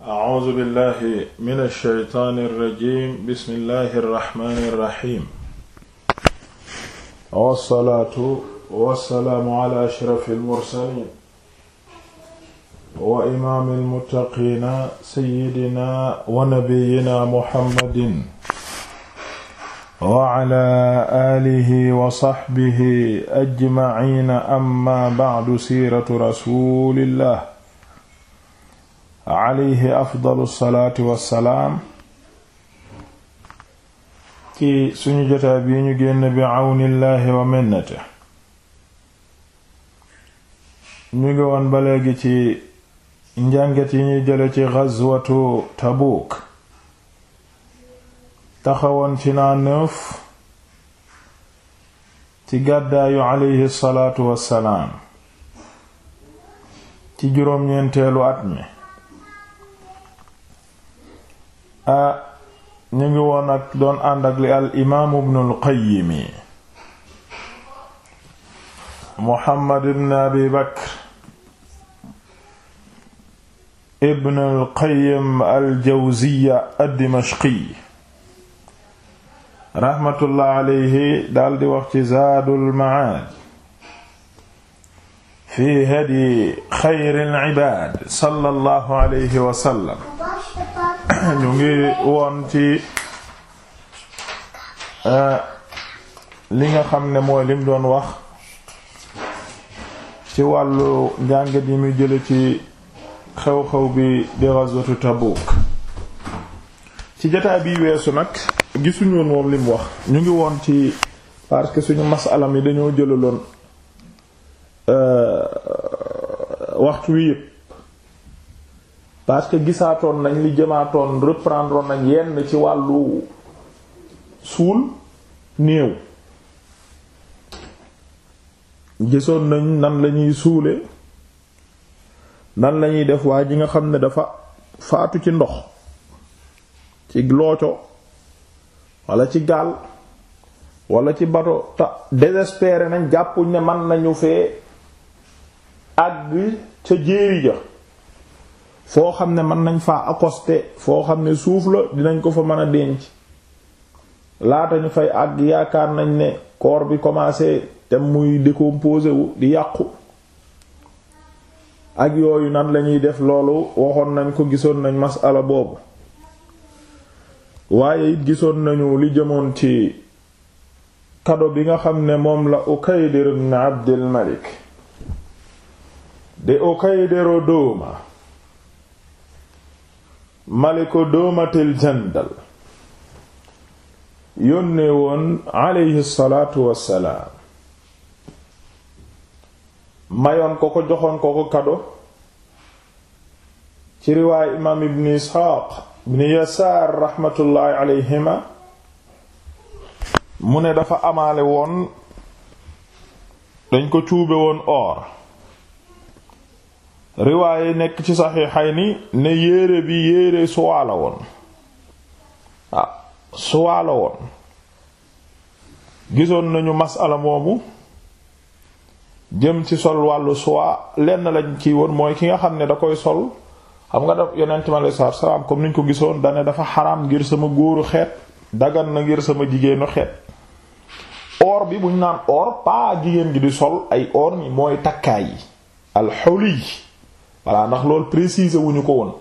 A'uuzu billahi mina shaytaani rajiim bismillahi rahmaani rahiim. Wassalaatu wassalaamu alaa ashrafil mursaliin. wa imaamil muttaqiina sayyidina wa nabiyyina muhammadin. wa alaa aalihi wa sahbihi ajmaciina amma ba'du siiratu rasuulillah. alayhi afdalu salaati wassalaam ci suñu jotaa bi ñu génn bi àwnillaahi wa minnate ñu ngi woon ba léegi ci njànget yi ñuy jële ci gazwatu Tabuuk taxawoon ci naa neuf ci gàddaayu alayhi salaatu wassalaam ci juróom-ñeenteelu at mi ñu ngi woon ak doon ànd ak li al imaam ibnul qayyim muhammad ibn abi bakr ibnul qayyim al jawziya ad dimashqi raxmatullah alayhi daldi wax ci zaadul ma'aad fi hadi xayril ibaad sallallahu alayhi wa sallam ñu ngi woon ci euh, li nga xam ne mooy lim doon wax ci wàllu njàngat yi muy jële ci xew-xew bi di ghazwatu Tabuk ci jotaay bi weesu nag gisuñu moom lim wax ñu ngi woon ci parce que suñu masala mi dañoo jëlaloon euh, waxtu wi yépp parce que gisaatoon nañ li jëmaatoon reprendre nañ yenn ci wàllu suul néew gisoon nañ nan lañuy suule nan lañuy def waa ji nga xam ne dafa faatu ci ndox ci looco wala ci gaal wala ci bato ta désespéré nañ jàppuñ ne man nañu fee àgg ca jéeri ja foo xam ne mën nañ fa accosté foo xam ne suuf la dinañ ko fa mën a denc laata ñu fay àgg yaakaar nañ ne koor bi commencé te muy décomposé wu di yàqu ak yooyu nan lañuy def loolu waxoon nañ ko gisoon nañ masala boobu waaye it gisoon nañu li jëmoon ci kado bi nga xam ne moom la Ukaydir ibn Abdul Malik de Ukaydiru Duma maliku doomatil jandal yónnee woon aleyhi salaatu wassalaam mayoon ko ko joxoon ko ko kado ci riwaay imaam ibn isxaaq ibn yasaar raxmatullaahi aleyhima mu ne dafa amaale woon dañ ko cuube woon or riwaaye nekk ci ni ne yére bi yére suwaa la woon ah la woon gisoon nañu masala moomu jëm ci sol wàllu suwaa lenn lañ kii woon mooy ki nga xam ne da koy sol xam nga daf yonent mi alayhi salaatu salaam comme niñ ko gisoon dane dafa xaraam ngir sama góoru xeet dagan na ngir sama jigéenu xeet or bi buñ naan or pas jigéen gi di sol ay or ni mooy takkaay yi alxuli voilà ndax loolu préciser wuñu ko woon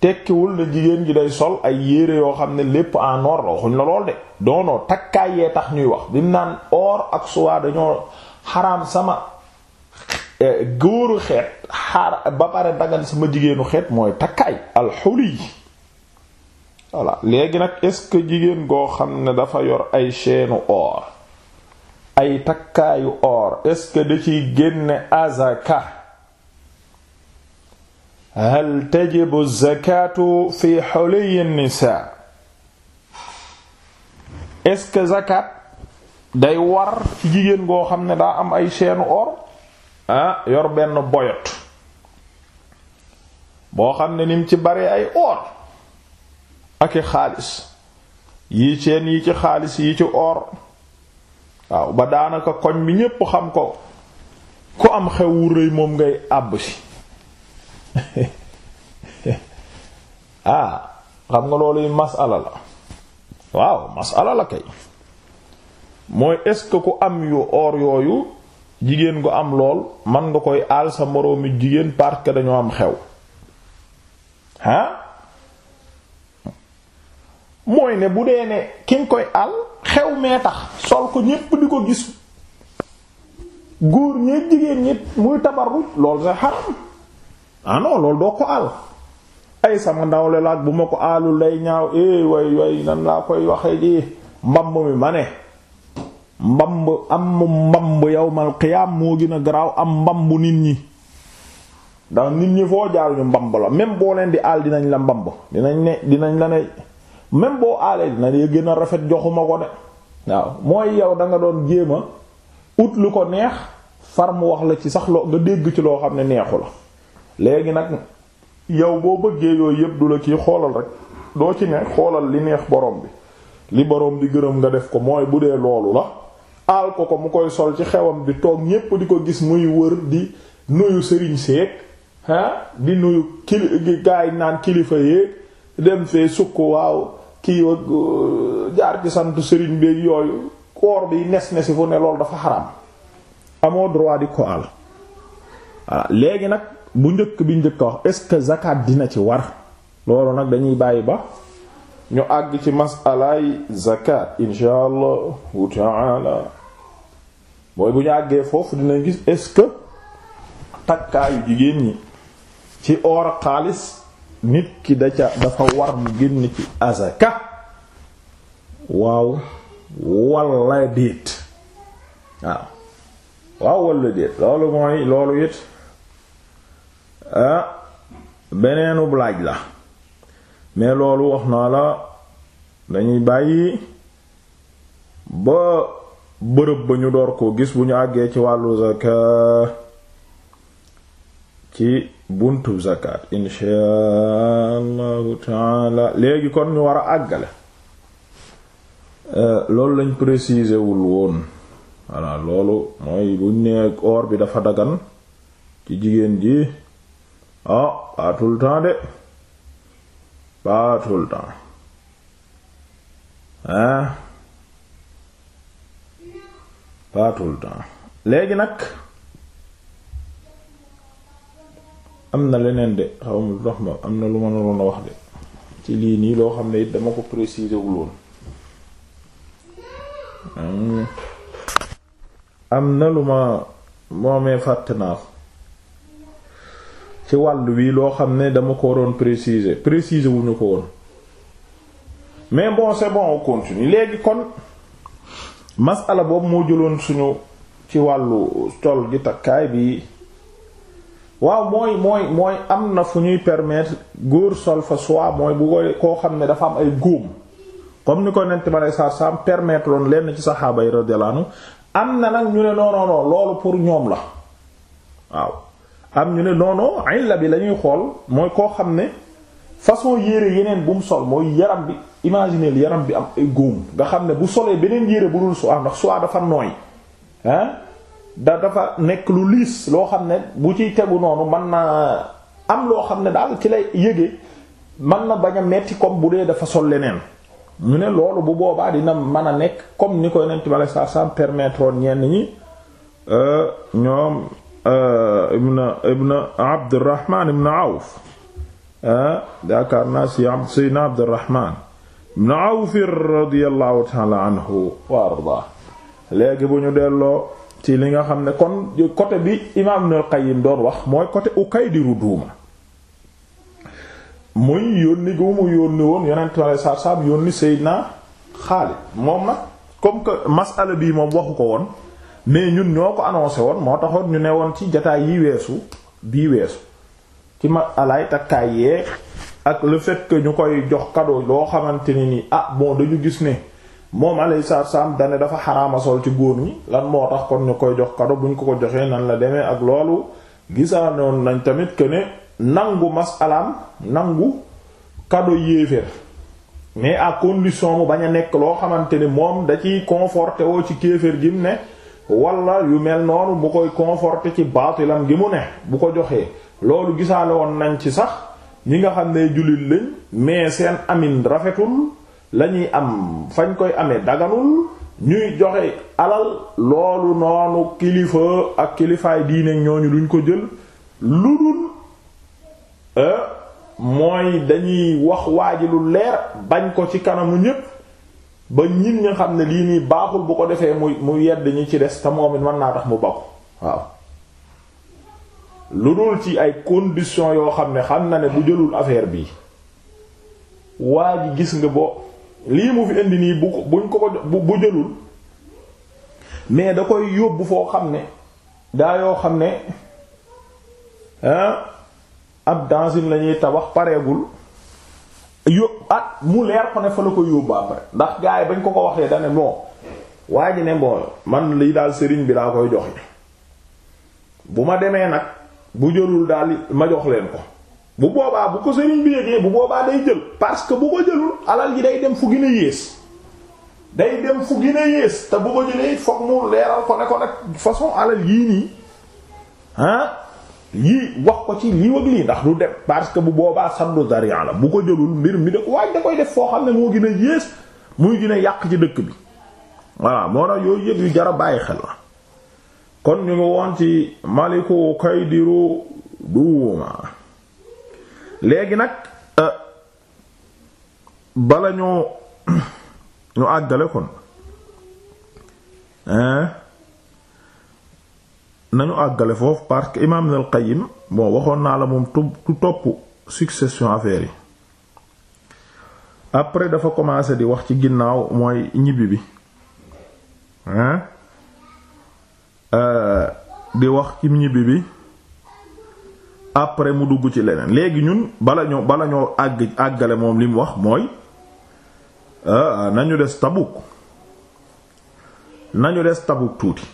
tekkiwul na jigéen ji day sol ay yére yoo xam ne lépp en or la waxuñ la lool de non takkaay yee tax ñuy wax bi naan or ak soie dañoo xaram sama eh, góoru xeet xaar ba pare dagan sama jigéenu xeet mooy takkaay alxuli voilà léegi nag est-ce que jigéen goo xam ne dafa yor ay chaîne or ay takkaayu or est-ce que da ciy génne azaka hal tajibu fi xuliyi nisa est-ce que zakat day war jigéen goo xam ne daa am ay chaîne or ah yor benn boyot boo xam ne nim ci bare ay or ak i xaalis yii chaîne yi ci xaalis yi ci or waaw ba daanaka koñ bi ñépp xam ko ku am xewu rëy moom ngay àbb si ah xam nga loolu masala la waaw masala la kay mooy est-ce ku am yu or yooyu jigéen gu am lool man nga koy aal sa moroomi jigéen park dañoo am xew mooy ne bu dee ne ki nga koy àll xew mee tax sol ko ñépp di ko gis góor ñee jigéen ñépp muy tabarru loolu sa xaram ah non loolu doo ko àll ay sama ndaw la laaj bu ma ko aalul lay ñaaw eh way way nan laa koy waxee ji mbamb mi ma ne mbamb am mbamb yawmal qiyaam moo gën a garaaw am mbamb nit ñi ndax nit ñi foo jaar ñu mbamb la même boo leen di aal dinañ la mbamb dinañ ne dinañ la ne même boo aalee dina la gën a rafet joxuma ko de waaw mooy yow danga doon jéema ut lu ko neex far mu wax la ci sax loo nga dégg ci loo xam ne neexu la. léegi nag yow boo bëggee yooyu yëpp du la kii xoolal rek doo ci ne xoolal li neex borom bi li boroom di gërëm nga def ko mooy bu dee loolu la aal ko ko mu koy sol ci xewam bi toog ñépp di ko gis muy wër di nuyu sëriñ di nuyu kili gaay naan kilifa yeeg dem fee kii jaar ci sëriñ bi yooyu koor bi nes nesi fu ne loolu dafa xaram amoo droit di ko àll voilà léegi nag bu njëkk bi njëkk a wax est-ce que zakat dina ci war loolu nag dañuy bàyyi ba ñu àgg ci masalaay zakat insha allahu taala mooy bu ñu àggee foofu dina gis est-ce que takkaayu jigéen ñi ci or xaalis nit ki da ca dafa war mu génn ci azaka waaw walla déet waaw walla déet loolu mooy loolu it Ah, beneenu beneenub la mais loolu wax naa la dañuy bàyyi ba bërëb ba ñu door ko gis bu ñu àggee ci wàllu zakat ci buntu zakat inshaa allahu taala léegi kon ñu war a àggale eh, loolu lañ préciser wul woon voilà loolu mooy buñ nee or bi dafa dagan ci jigéen ji ah pas tout le temps de pas temps ah pas temps léegi nag am na leneen de xaw ma lu tax ma am na lu ma naroon a wax de ci lii nii loo xam ne dama ko préciser wul woon hmm. am na lu ma moomee fàtte naa ko ci wàll wii loo xam ne dama ko waroon préciser préciser wu ñu ko woon mais bon c'est bon on continue léegi kon masala boobu moo jëloon suñu ci wàllu col gi takkaay bi waaw mooy mooy mooy am na fu ñuy permettre góor sol fa soit mooy bu koy koo xam ne dafa am ay góom comme ni ko nent ma ne saa saam permettre woon lenn ci saxaaba yi radiyallahu am na nag ñu ne non loolu pour ñoom la waaw am ñu ne noonu non illa bi la xool mooy koo xam ne façon yére yeneen bu mu sol mooy yaram bi imaginer yaram bi am ay góom nga xam ne bu solee beneen yére bu dul soie ndax soie dafa nooy ah da dafa nekk lu liis loo xam ne bu ci tegu noonu mën na am loo xam ne daal ci lay yëgee mën na bañ a metti comme bu dee dafa sol leneen ñu ne loolu bu boobaa dina mën a nekk comme ni ko Yonent bi sallallahu alayhi wasallam permettre woon ñenn ñi euh, ñoom. ibn ibn Abdurrahman ibn Awf yaakaar naa si Seydina Abdurrahman ibn Awf radiyallahu ta'ala anhu wa ardaa léegi bu ñu delloo ci li nga xam ne kon côté bi imaam Ibn al doon wax mooy côté Ukayd Ruduuma muy yónni gu mu yónni woon yonent Yàlla saa saam yónni Seydina Xaalid moom nag comme que mas'ala bii moom waxu ko woon. mais ñun ñoo ko annoncé woon moo taxoon ñu ne woon ci jataay yi weesu bii weesu ci ma alaay takkaay yee ak lu fekk ñu koy jox cadeau loo xamante ni nii ah bon dañu gis ne moom alayhi salaam dane dafa xaraama sol ci góor ñi lan moo tax kon ñu koy jox cadeau buñ ko ko joxee nan la demee ak loolu gisaanoon nañ tamit que ne nangu masalaam nangu kado yéeféer mais à condition mu bañ a nekk loo xamante ni moom da ciy conforté woo ci kéeféer gi mu ne wala yu mel noonu bu koy conforter ci baatilam gi mu ne bu ko joxee loolu gisaale woon nañ ci sax ñi nga xam ne jullit lañ mais seen amin rafetul la ñuy am fañ koy amee daganul ñuy joxe alal loolu noonu kilifa ak kilifaay diine ñooñu duñ ko jël lu dul euh, mooy dañuy wax waaji lu leer bañ ko ci kanamu ñépp ba ñin ña xam ne lii nii baaxul bu ko defee mu mu yedd ñi ci des te moom man mën naa tax mu baaxu waaw lu dul ci ay conditions yoo xam ne xam na ne bu jëlul affaire bii waa ji gis nga bo lii mu fi indi nii bu ko buñ ko ko bu jëlul mais da koy yóbbu foo xam ne daa yoo xam ne ab dancine lañuy tabax pareegul yób at ah, mu leer ko ne fa la ko yóbbu après ndax gars yi bañ ko ko waxee da ne bon waa ji ne bon man lii daal sëriñ bi daa koy joxe bu ma demee nag bu jëlul daal ma jox leen ko bu boobaa bu ko sëriñ bi yëgee bu boobaa day jël parce que bu ko jëlul alal ji day dem fu gën yées day dem fu gën yées te bu ko jëlee it mu leeral ko ne ko nag façon alal yii nii ah. lii wax ko ci lii ak lii ndax du dem parce que bu boobaa sandu zari'a la bu ko jëlul mbir mi de waaye da koy def foo xam ne moo gën a yées muy gën a yàq ci dëkk bi voilà moo tax yooyu yëpp yu jara bàyyi xel la kon ñu ngi woon ci maliku kaydiru duuma léegi nag euh, bala ñoo ñu àggale kon hein nañu àggale foofu parce que imaam na al-Qayyim waxoon naa la moom tu topp succession affaire yi après dafa commencé di wax ci ginnaaw mooy ñibbi bi hein euh, di wax ci ñibbi bi après mu dugg ci leneen léegi ñun bala ñoo bala ñoo àgg àggale moom li wax mooy euh, nañu des Tabuk nañu des Tabuk tuuti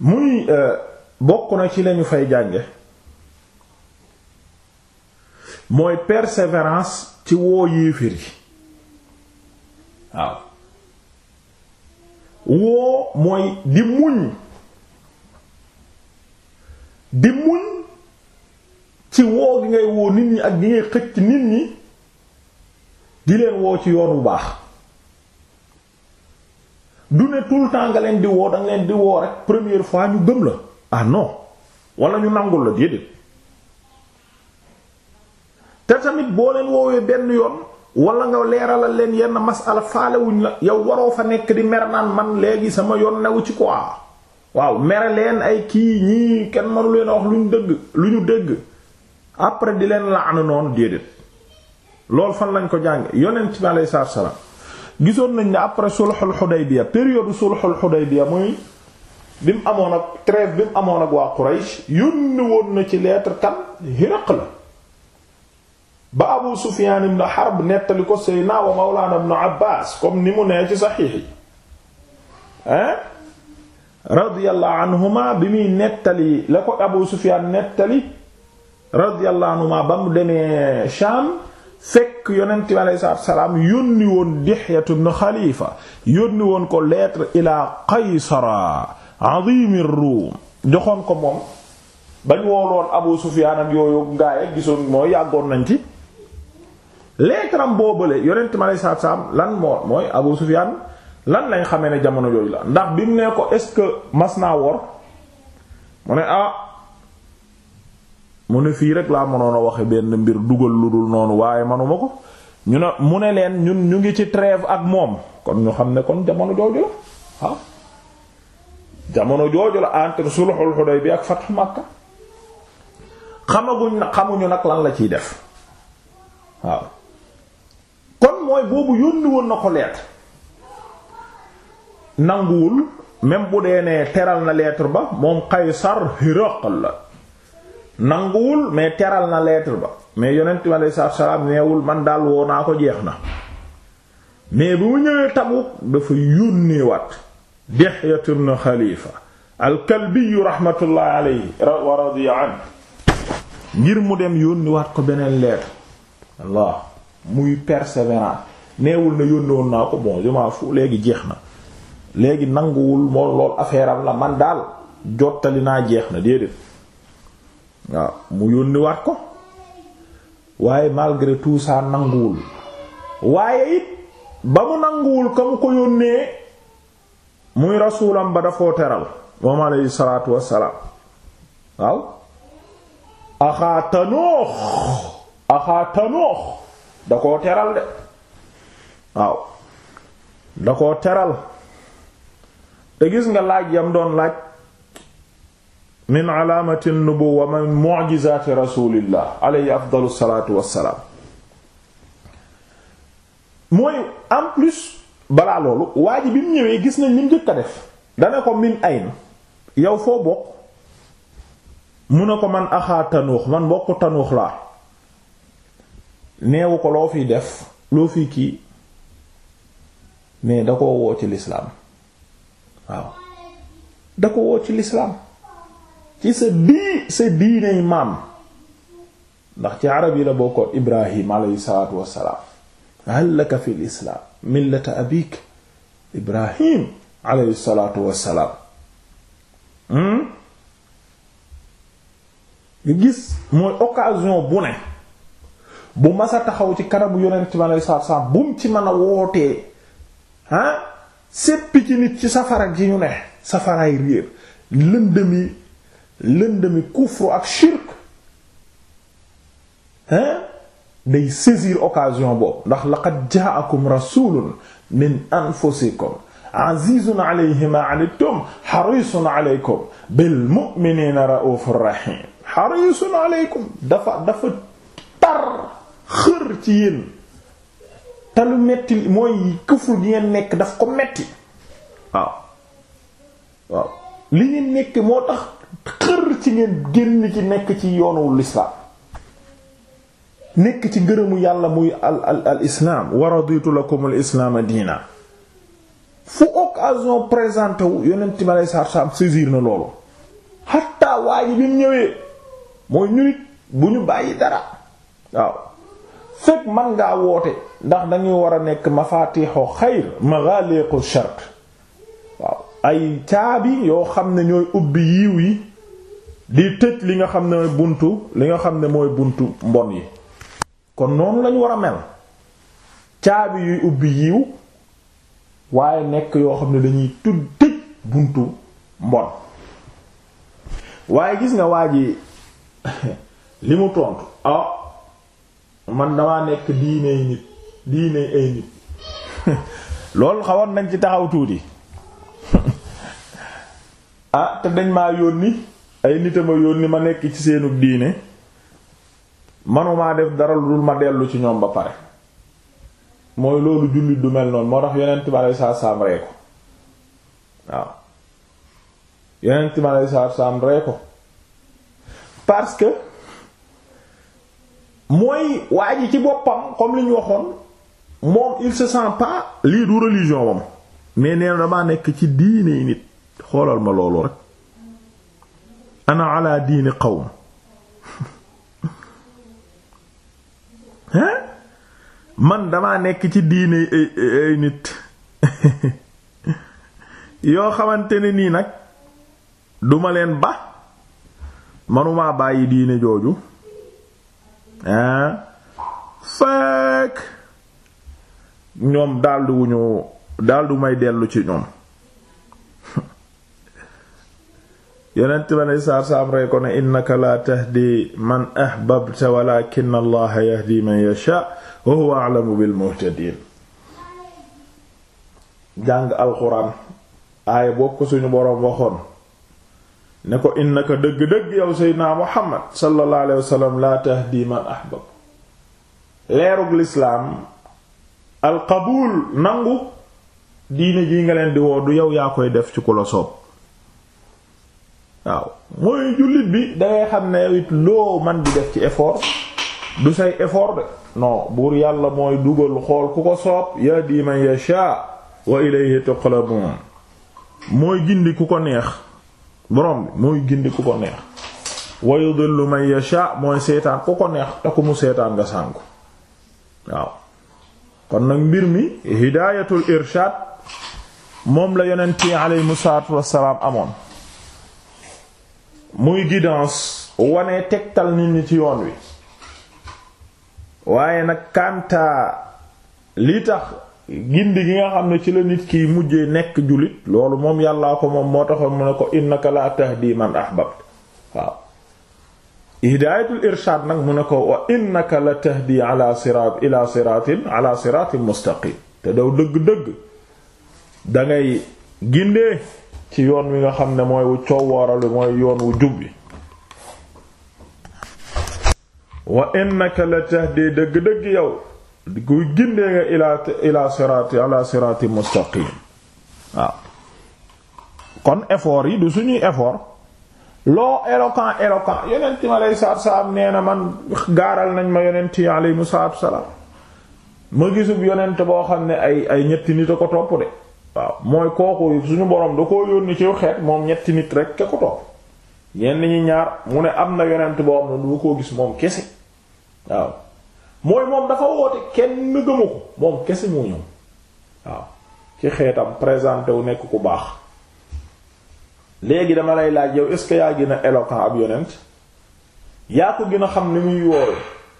muy euh, bokk na ci lañu fay jànge mooy perseverance ci woo yéeféer yi waaw woo mooy di muñ di muñ ci woo gi ngay woo nit ñi ak gi ngay xëcc nit ñi di leen woo ci yoon bu baax du ne tout le temps nga leen di danga leen di woo rek première fois ñu gëm la ah non wala ñu nangul la déedéet te tamit boo leen woowee benn yoon walla nga leeralal leen yenn masala faalewuñ la yow waroo fa nekk di mer naan man léegi sama yoon newu ci quoi waaw mere leen ay kii ñii kenn mënu leen a wax lu ñu dëgg lu ñu dégg après di leen la an noonu déedéet loolu fan lañ ko jàng yonent bi alayhi salaam gisoon nañ ne après sulhul Hudaybiya période sulhul Hudaybiya muy bi mu amoon ak trêve bi mu amoon ak waa Quraysh yónni woon na ci lettre kan Hiraqla ba Abu Sufyaan ibn Harb nettali ko Seydina wa Mawlaana ibn Abbaas comme ni mu nee ci saxiix yi hein radiyallahu anhuma bi muy nettali la ko Abu Sufyaan nettali radiyallahu anhuma ba mu demee Shaam fekk yonent bi alayhi salaatu salaam yónni woon Dihyatu ibn Xalifa yónni woon ko lettre ila Qaysara azimi Ruum joxoon ko moom bañ wooloon Abu Sufyaan ak yooyu gaaye gisoon mooy yàggoon nañ ci lettre am boobale yonent bi alayhi salaatu salaam lan moo mooy Abu Sufyaan lan lañ xamee ne jamono yooyu la ndax bi mu ne ko est-ce que mas naa wor mu ne ah mu ne fii rek laa mënoon a waxe benn mbir dugal lu dul noonu waaye manuma ko ñu ne mu ne leen ñun ñu ngi ci trêve ak moom kon ñu xam ne kon jamono jooju la waaw jamono jooju la entre sulhul Hudaybiya ak fathu Makka xamuñu nag lan la ciy def waaw kon mooy boobu yónni woon na ko lettre nanguwul même bu dee nee teral na leetre ba moom Qaysar Hiraql la nanguwul mais teral na lettre ba mais yonent bi aleyhi salaatu salaam neewul man daal woo naa ko jeex na mais bu mu ñëwee Tabuk dafa yónnee wat Dihya ibn Khalifa al-Kalbi rahmatullahi wa radiya anhu ngir mu dem yónni wat ko beneen lettre Allah muy persévérant neewul na yónni woon naa ko bon je m'en léegi jeex na léegi nanguwul moo lool affaire am la man daal jottali naa jeex na déedéet waaw mu yónni waat ko waaye malgré tout ça nanguwul waaye it ba mu nanguwul ka mu ko yónnee muy rasuulam ba dafoo teral moom alayhi salaatu wassalaam waaw axaa tanoox da koo teral de waaw da koo teral te gis nga laaj yam doon laaj min alaamati nubuwwa min mu'jizaati rasulillah alayhi afdalu salaatu wassalaam mooy en plus balaa loolu waa ji bi mu ñëwee gis nañ li mu njëkk a def dana ko min ayn yow foo bokk mun na ko man axaa tanuux man bokk tanuux laa neewu ko loo fiy def loo fiy kii mais da ko woo ci lislaam waaw da ko woo ci lislaam ci sa dii sa diiney maam ndax ci arab yi la bokkoon ibrahim alayhi salaatu wassalaam hal laka fi lislaam millata hmm? nga gis mooy occasion bu ne bu masa taxaw ci kanamu yonent bi alayhi salaatu wassalaam bu mu ci mën a wootee ah ci nit ci safara ji ñu ne safaraay réer lëndëm lëndami kufru ak shirk hein day saisir occasion boobu ndax laqad ja'akum rasulun min anfusikum azizun alayhi ma anittum harisun alaykum bil mu'minina raufur rahim harisun alaykum dafa dafa tar xër ci yéen te metti mooy kufru gi ngeen nekk daf ko metti waaw waaw li ngeen nekk moo tax xër ci ngeen génn ci nekk ci yoonu lislaam nekk ci ngërëmu yàlla muy al al al islaam wa raditu lakum al islaama diina fu occasion présenté wu yonent bi aleyhi salaatu salaam saisir na loolu xatta waa ji mu ñëwee mooy ñu nit bu ñu bàyyi dara waaw fekk man ngaa woote ndax dañuy war a nekk mafaatixu xayr maghaliqu shart ay caabi yoo xam ne ñooy ubbi yiw yi di tëj li nga xam ne buntu li nga xam ne mooy buntu mbon yi kon noonu lañ war a mel caabi yuy ubbi yiw waaye nekk yoo xam ne dañuy tudd tëj buntu mbon waaye gis nga waa yi li mu tontu ah man damaa nekk diine nit diine ay nit loolu xawoon nañ ci taxaw tuuti ah te dañ maa yónni ay nitama yónni ma nekk ci seenu diine manumaa def dara lu dul ma dellu ci ñoom ba pare mooy loolu jullit du mel noonu moo tax yonent ma lay saa saam ree ko waaw yonent ma lay saa saam ree ko parce que mooy waa ji ci boppam comme li ñu waxoon moom il se sent pas lii du religion moom mais nee damaa nekk ci diine yi nit xoolal ma loolu rek ana ala diini qawm hein man damaa nekk ci diine ay nit yoo xamante ne nii nag duma leen ba manuma bàyyi diine jooju hein fekk ñoom daldi wuñu daldi may dellu ci ñoom yonent ba ne saar saam ko ne innaka laa tahdi man ahbabta walakin allaha yahdi man yasha wa huwa a'lamu bil muhtadin jàng alxuraan aaya bokk suñu boroom waxoon ne ko innaka dëgg-dëgg yow seydinaa muhammad sallallahu alayhi wasallam laa tahdi man ahbab leerug lislaam alqabuul nangu diine jii nga leen di woo du yaa koy def ci ku la soob waaw mooy jullit bi dangay xam ne it loo man di def ci effort du say effort de non buur yàlla mooy dugal xool ku ko soob yahdi man yasha wa wa yudillu man yasha mu seetaan nga sànku waaw nag mbir mi hidayatul irshad moom la yonent yi aleyhimu salaatu amoon muy guidance wane tegtal nit ñi ci yoon wi waaye nag kàntaa li tax gindi gi nga xam ne ci la nit ki mujjee nekk jullit loolu moom yàllaa ko moom moo taxoon mu ne ko innaka la tahdi man ahbabt hidaayatul irshaad nag mu ne ko wa innaka la tahdi ala siraat ila siraatin ala siraatin mustaqim te daw dëgg-dëgg dangay gindee ci yoon wi nga xam ne mooy wu coowooral wi mooy yoon wu jub wi wa innaka la tahdi dëgg-dëgg yow kuy gindee nga ilaa ilaa siraati ala siraati mustaqim waaw kon effort yi du suñuy effort loo éloquent éloquent yonent mi aleyhi salaatu salaam nee na man gaaral nañ ma yonent yi aleyhimu salaatu salaam ma gisub yonent boo xam ne ay ay ñetti nit a ko topp de waaw mooy kooku suñu borom da koo yónni ci xeet moom ñetti nit rek ko topp ñenn ñi ñaar mu ne am na yonent boo am na du ko gis moom kese waaw mooy moom dafa woote kenn gëmu ko moom kese moo ñëw waaw ci xeetam présenté wu nekk ku baax léegi dama lay laaj yow est-ce que yaa gën a éloquent ab yonent yaa ko gën a xam ni muy woowe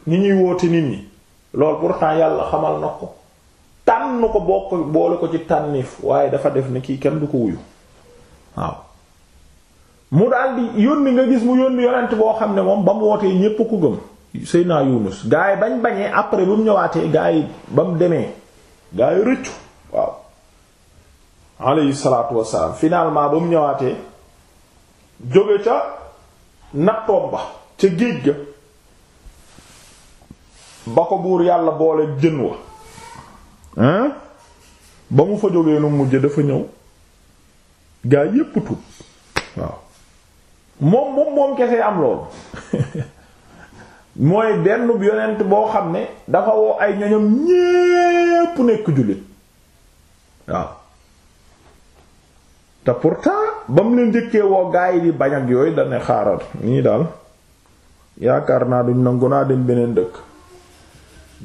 ni ñuy woote nit ñi loolu pourtant yàlla xamal na ko tànn ko bokk boole ko ci tànniif waaye dafa def ni kii kenn du ko wuyu waaw mu daldi yónni nga gis mu yónni yonent boo xam ne moom ba mu wootee ñépp ku gëm naa Yunus gaa yi bañ bañee après ba mu ñëwaatee gaa yi ba demee gaa yi rëccu waaw alayhi salaatu wassalaam finalement ba mu ñëwaatee jóge ca nattoom ba ca géej ga ba ko buur yàlla boole jën wa hein ba mu fa jógee nu mujj dafa ñëw gaa yépp tuub waaw moom moom moom kese am loolu mooy benn yonent boo xam ne dafa woo ay ñoñam ñépp nekk jullit waaw te pourtant ba mu leen njëkkee woo gaa yi di bañ yooyu dañ ne xaaral nii daal yaakaar naa duñ nangu naa dem beneen dëkk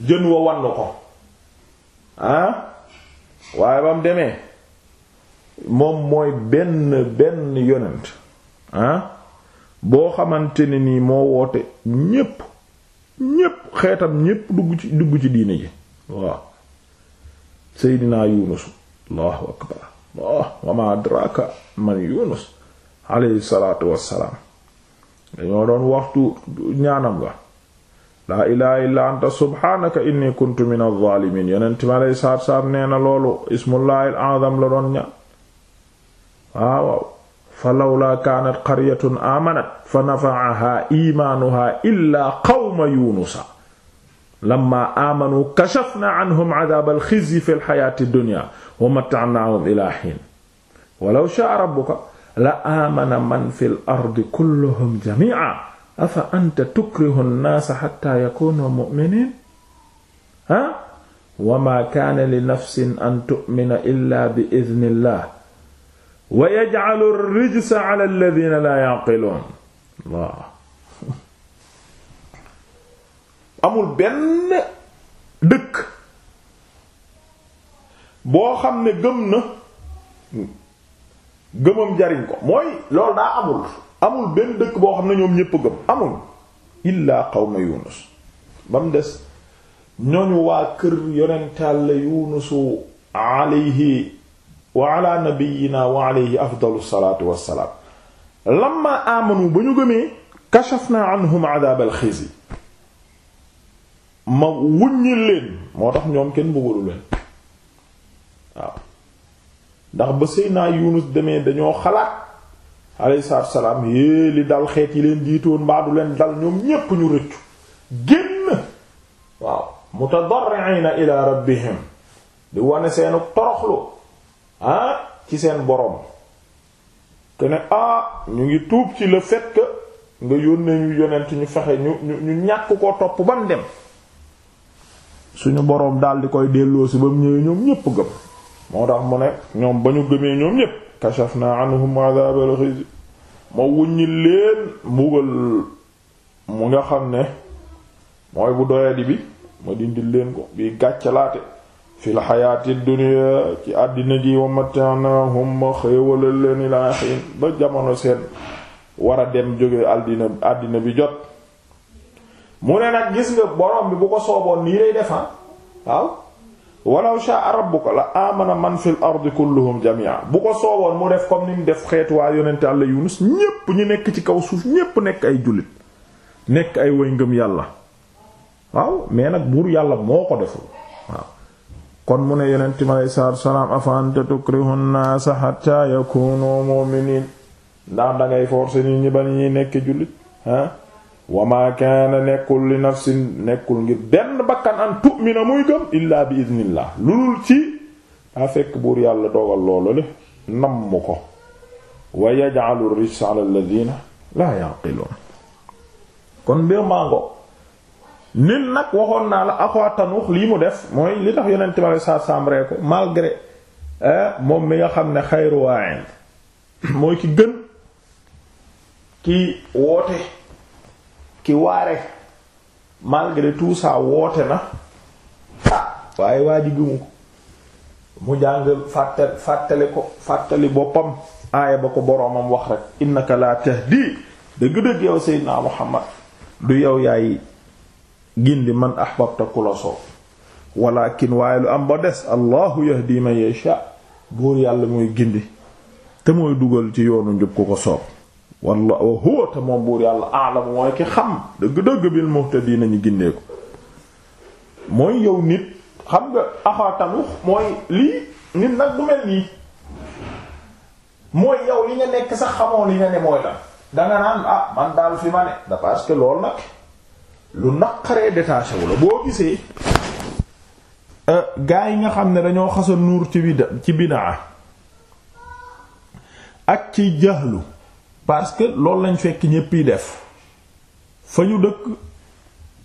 jën wa wann ko ah waaye ba mu demee moom mooy benn benn yonent ah boo xamante ne nii moo woote ñépp ñépp xeetam ñépp dugg ci dugg ci diine ji waaw seydinaa yunus allahu akbar allah wa ma adraka man yunus alayhi wassalaam dañoo doon waxtu ñaanam la laa ilaha illa anta subhaanaka inni kuntu min alzaalimiin yonent mi aleyhi salaatu salaam nee na loolu ismullahi al azam la doon ña waaw fa lawlaa kaanat qaryatun aamanat fa nafa'ahaa iimaanuhaa illaa qawma yuunusa lammaa aamanuu kashafnaa anhum cadaabal xizyi fil xayaati dunya wa matta'naahum ilaa hiin walaw shaa'a rabbuka la aamana man fil ardi kulluhum jamii'an afa anta tukrihu nnaasa xatta yakunu mu'minin ah wa ma kaana li nafsin an tu'mina illa bi idnillah wa yaj'alu ar-rijsa 'ala alladhina la ya'qilun Allah amul benn dëkk boo xam ne gëm na gëmam jariñ ko mooy loolu daa amul amul benn dëkk boo xam ne ñoom ñépp gëm amul illaa qawma yunus ba mu des ñooñ waa kër yonentaale yunusu alayhi wa ala nabiyyina wa alayhi afdalu salaatu wassalaam lamma amanu ba ñu gëmee kashafna anhum adab al xizi ma wuññi leen moo tax ñoom kenn bëggalu leen waaw ndax ba sëy naa yunus demee dañoo xalaat alayhi salaam yée li dal xeet yi leen jiitoon mbaa du leen dal ñoom ñépp ñu rëccu génn waaw mutadarri'ina ila rabbihim di wane seenu toroxlu ah ci seen boroom te ne ah, ñu ngi tuub ci la fait nga yónnee ñu yonent ñu fexe ñu ñu ñàkk koo topp ba mu dem suñu boroom daal di koy delloo si ba mu ñëwee ñoom ñépp gëm moo tax mu ne ñoom ba ñu gëmee ñoom ñépp kashafna anhum adabal xizy ma wuññi leen mbugal mu nga xam ne mooy bu doyadi bi ma dindi leen ko bi gàccalaate fil xayaati dunya ci àddina ji wa mata'nahum ma xéewalal leen ilaa xiin ba jamono seen war a dem jóge àddina àddina bi jot mu ne nag gis nga borom bi bu ko sooboon nii lay defan waaw walaw sha'a rabbuka la amana man fil ardi kulluhum jami'a bu ko sooboon mu def comme ni mu def xeetu waa yonent Yàlla Yunus ñépp ñu nekk ci kaw suuf ñépp nekk ay jullit nekk ay way ngëm yàlla waaw mais nag buur yàlla moo ko deful kon mu ne yonent mi alayhi salaatu salaam afa anta tukrihu an-naasa hatta yakunu mu'miniin ndax dangay forcer nit ñi ba ñuy nekk jullit ah? wa maa nekkul li nafsin nekkul ngir benn bakkan an tu'mina muy gëm illaa bi idnillah lulul ci daa fekk buur yàlla dogal loolu le namm ko wa yaj'alu rijsa ala alladhina laa ya'qilun kon mbir mango nit nag waxoon naa la axwatanux lii mu def mooy li tax yonente mi alei satu ko malgré eh, moom mi nga xam ne xayru waa'in mooy ki gën ki woote ki waare malgré tout woote na ah waaye waa ji gëmu ko mu jàng fàttali fàttali boppam aaya ba ko boroomam wax rek innaka la tahdi dëgg-dëgg yow seydinaa muhammad du yow yaay gindi man ahbabta ku la soow walakin waaye lu am ba des allahu yahdi man yasha buur yàlla muy gindi te mooy dugal ci yoonu njub ku ko soob walla wa huwa moom buur yàlla a'lam mooy ki xam dëgg-dëgg bil muhtadiina ñu gindee ko mooy yow nit xam nga axaatamux mooy lii nit nag du mel nii mooy yow li nga nekk sax xamoo li nga ne mooy lan danga naan ah man daal fi ma ne da parce que nag lu naqaree détaché wu la boo gisee euh, gaa yi nga xam ne dañoo xasa nuur ci bida ci bidaa ak ci jaxlu parce que loolu lañu fekk ñépp yi def fa ñu dëkk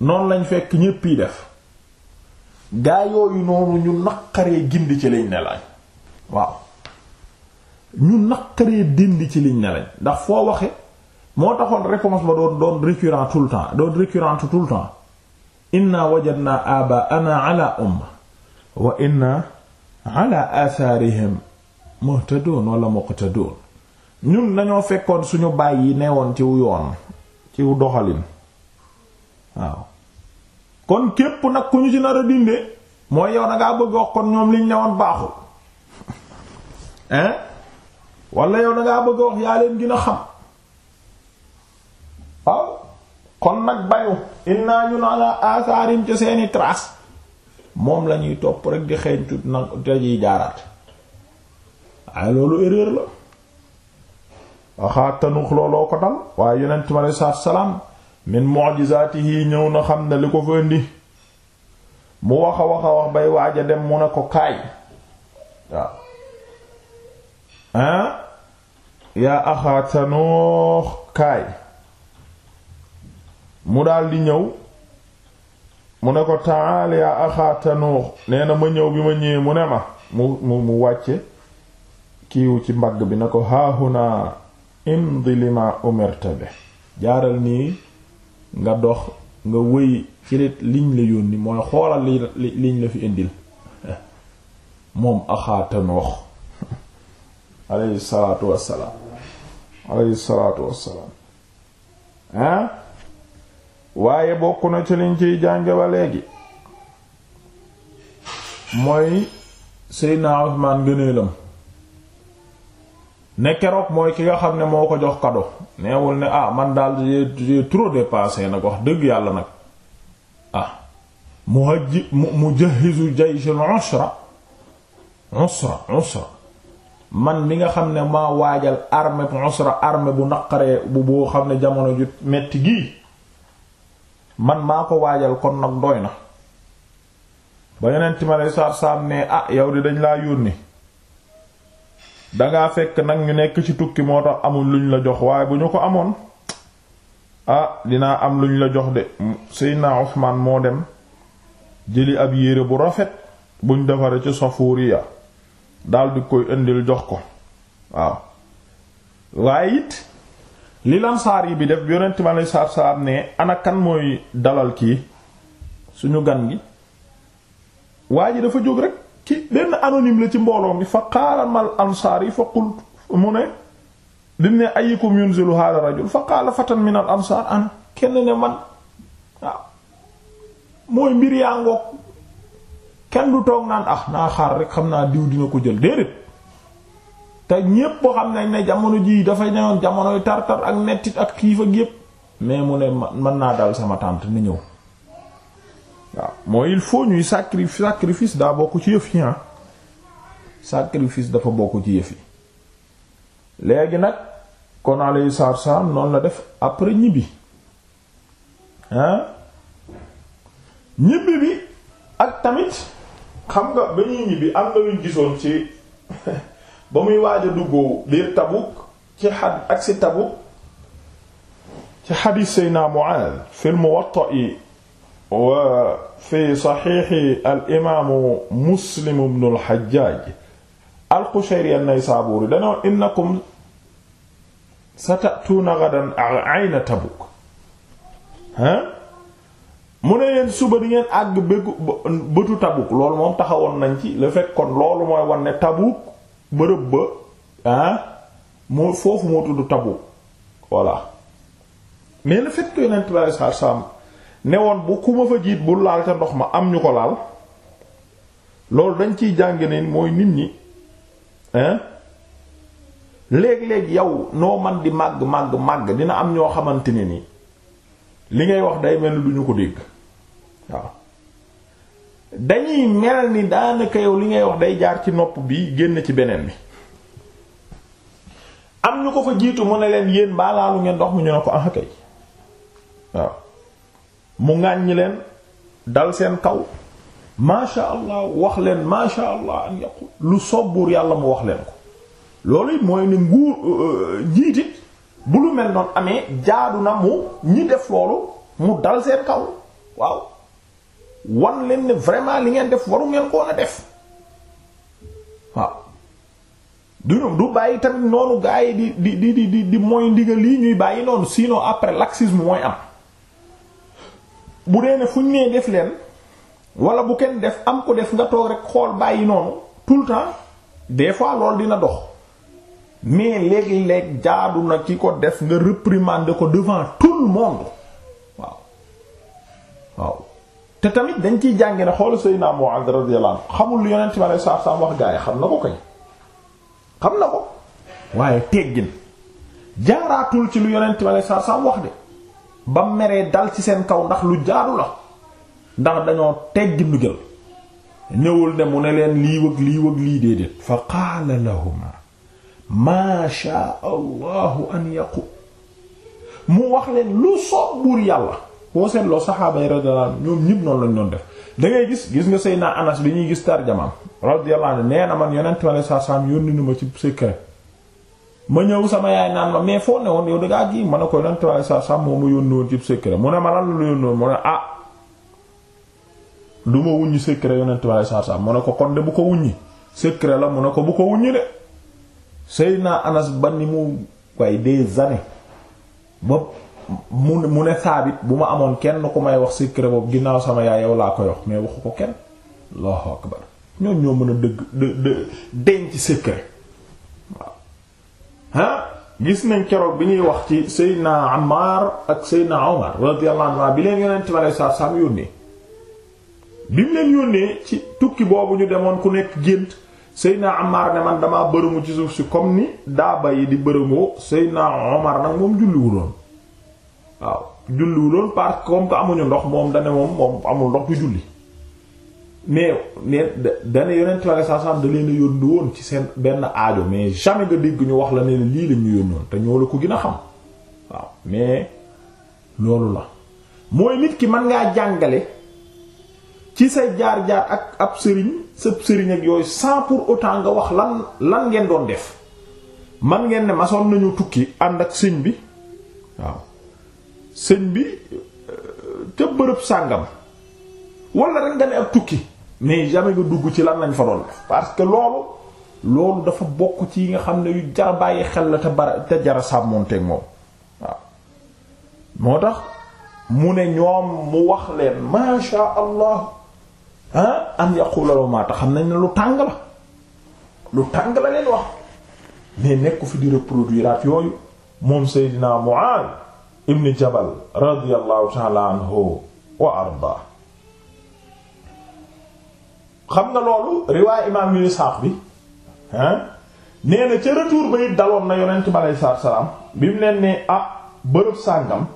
noonu lañ fekk ñépp yi def gaa yooyu noonu ñu naqaree gindi ci liñ ne lañ waaw ñu naqaree dindi ci liñ ne ndax foo waxe moo taxoon réponse ba doon doon récurrent tout le temps doon récurrent tout le temps inna wajadna abaana ala umma wa inna ala atharihim muhtadun wala muqtadun ñun dañoo fekkoon suñu baay yi newoon ciw yoon ciw doxalin waaw kon képp nag ku ñu ci nar a dindee mooy yow da ngaa bëgg wax kon ñoom liñ newoon baaxul hein wala yow da ngaa bëgg wax yaa leen gën xam waaw kon nag bayu inna ñun ala asaarim ca seeni trace moom lañuy ñuy topp rek di xeeñtu nag te jiy jaaraat waaye loolu erreur la axaa tanux looloo ko dal waaye yonent mi aleyhi salaatu salaam min mu'jizaatihi ñëw na xam ne li ko fa indi mu wax a wax bay waaj a dem mu ne ko kaay waaw yaa axaa kaay mu daldi ñëw mu ne ko taal yaa axaa nee na ma ñëw bi ma ñëwee mu ne ma mu mu wàcce kiiwu ci mbagg bi na ko haahunaa imdi lima umirta bi jaaral nii nga dox nga wëy ci liñ la yónni mooy xoolal li liñ la fi indil moom axaatan wax alayhi salaatu wassalaam alayhi ah waaye bokk na ci liñ ciy jàng ba léegi mooy Seydina Usmaan gëneelam ne keroog mooy ki nga xam ne moo ko jox kado neewul ne ah man daal j'ai trop dépensé nag wax dëgg yàlla nag ah muhajji mu mu al-usra usra usra man mi nga xam ne maa waajal armée bu usra armée bu xam ne jamono ju metti gii man maa ko waajal kon nag doy na ba yeneen time alay saar saam ah yow di dañ laa yónni danga fekk nag ñu nekk ci tukki moo tax amul luñ la jox waaye bu ñu ko amoon a ah, dinaa am luñu la jox de Seydina Usmaan moo dem jëli ab yére bu rafet buñ defare ci Safuriya daldi koy indil jox ko waaw waaye it li lansaar yi bi def yonent ma lay saab saab ne ana mooy dalal kii suñu gan gi waa ji dafa jóg rek ki benn anonyme la ci mbooloo mi fa qaala mal ansaar yi fa qultu mu ne dim ne ayyukum yunzilu hadha rajul fa qaala fatan min al ansaar kenn ne man waaw mooy mbir yaa ngoog kenn du toog naan ah naa xaar rek xam naa diw dina ko jël déedéet te ñépp boo xam nañ ne jamono jii dafa newoon jamonoy tar tar ak mettit ak xiif ak yépp mais mu ne man naa dal sama tànt ni ñëw mooy il faut ñuy sacrifice sacrifice daa bokk ci yëf yi ah sacrifice dafa bokk ci yëf yi léegi nag kon alayhi salaatu salaam noonu la def après ñibbi ah ñibbi bi ak tamit xam nga ba ñuy ñibbi am na luñ gisoon ci ba muy waaj a duggoo biir Tabuk ci xad ak si Tabuk ci xadiis Seydina Muaaz fil Muwatta yi wa fi saxiixi al imaamu muslim ibnu al xajjaaj al qushayri an-naysaabuuri danoo innakum sata'tuuna gadan ayna tabuk ah mu ne yéen suba di ngeen àgg bëggu bëtu tabuk loolu moom taxawoon nañ ci le fait kon loolu mooy wan ne tabuk bërëb ba ah moo foofu moo tudd tabuk voilà mais le fait que yonent bi sallallahu alayhi ne woon bu ku ma fa jiit bu laal ca ndox ma am ñu ko laal loolu dañ ciy jàng ne mooy nit ñi léeg-léeg yow noo man di màgg màgg màgg dina am ñoo xamante ne ni li ngay wax day mel ni duñu ko dégg waaw dañuy mel ni daanaka yow li ngay wax day jaar ci nopp bi génn ci beneen bi am ñu ko fa jiitu mu leen yéen baa laalu ngeen ndox mu ñu ne ko ah kay waaw mu ŋàññi leen dal seen kaw maasha allah wax leen maasha allah an yaqul lu soob buur yàlla mu wax leen ko loolu it mooy ne nguur euh, euh, njiit it bu lu mel noonu amee jaadu na mu ñi def loolu mu dal seen kaw waaw wan leen ne vraiment li ngeen def waru ngeen ko woon a def waaw duñu du bàyyi tamit noonu gaa yi di di di di di mooy ndigal lii ñuy bàyyi noonu sino après laxisme mooy am bu dee ne fuñ nee def leen wala bu kenn def am ko def nga toog rek xool bàyyi noonu tout le temps des fois loolu dina dox mais léegi-léeg jaadu na ki ko def nga réprimander ko devant tout le monde waaw te tamit dañ ciy jànge ne xool naa Mu'adh radiyallahu anhu xamul lu yonent bi alayhi salaam wax gaa yi xam na ko kay xam na ko waaye teggin jaaraatul ci lu yonent bi alayhi salaam wax de ba meree dal ci seen kaw ndax lu jaaru la ndax dañoo teggi ndugal ñëwul ne mu ne leen lii wëg lii wëg lii déedéet fa qaala lahuma maa shaa allahu an yaqu mu wax leen lu soob buur yàlla boo seetloo saxaaba yi radiyallahu anhum ñoom ñëpp noonu lañ def da ngay gis gis nga Seydina Anas bi ñuy gis tarjamaam radiyallahu anhu nee na man yonent ma ne saa saam yónni na ma ci secret ma ñëw sama yaay naan ma mais foo ne woon yow da ngaa kii ma ne ko yonent waaye sa sàmm moo ma yónni woon ci secret mu ne ma lan la la yónni woon mu ne ah du ma wuññi secret yonent waaye sa sàmm mu ne ko kon de bu ko wuññi secret la mu ne ko bu ko wuññi de Seydina Anas ba ni mu waaye des années ba mu mu ne saabit bu ma amoon kenn ku may wax secret boobu ginnaaw sama yaay yow laa koy wax mais waxu ko kenn Allahu akbar ñoom ñoo mën a dëgg de de denc secret. ah gis nañ keroog bi ñuy wax ci Seydina Ammar ak Seydina Omar radiyallahu anhu bi leen yonent bi aleyhi salaatu yónnee bi mu leen yónnee ci tukki boobu ñu demoon ku nekk gént Seydina Ammar ne man damaa bërëmu ci suuf si comme ni daaba yi di bërëmoo Seydina Omar nag moom julliwuloon waaw julliwuloon parce que comme que amuñu ndox moom dane moom amul ndox du julli mais mais dana yonent la saa saa da leen a yónni woon ci seen benn aajo mais jamais nga dégg ñu wax la ne lii la ñu yónnoon te ñoo la ko gën a xam waaw mais loolu la mooy nit ki mën ngaa jàngale ci sa jaar-jaar ak ab sëriñ sa sëriñ ak yooyu sans pour autant nga wax lan lan ngeen doon def man ngeen ne masoon nañu tukki ànd ak sëñ bi waaw sëñ bi ca euh, bërëb sàngam wala rek nga ne ab tukki. mais jamais nga dugg ci lan lañ fa doon parce que loolu loolu dafa bokk ci yi nga xam ne yu jar bàyyi xel la te bara te jara sàmmonteeg moom waaw moo tax mu ne ñoom mu wax leen ma sha allah ah an maa tax xam nañ ne lu tàng la lu tàng la leen wax mais nekk fi di reproduire at yooyu moom Seydina Mu'adh ibn Jabal radiyallahu ta'ala anhu wa arda xam nga loolu riwaay imaam ibn Isaaq bi ah nee na ca retour ba it daloon na yonent bi aleyhi salaatu salaam bi mu leen ne ah bërëb sàngam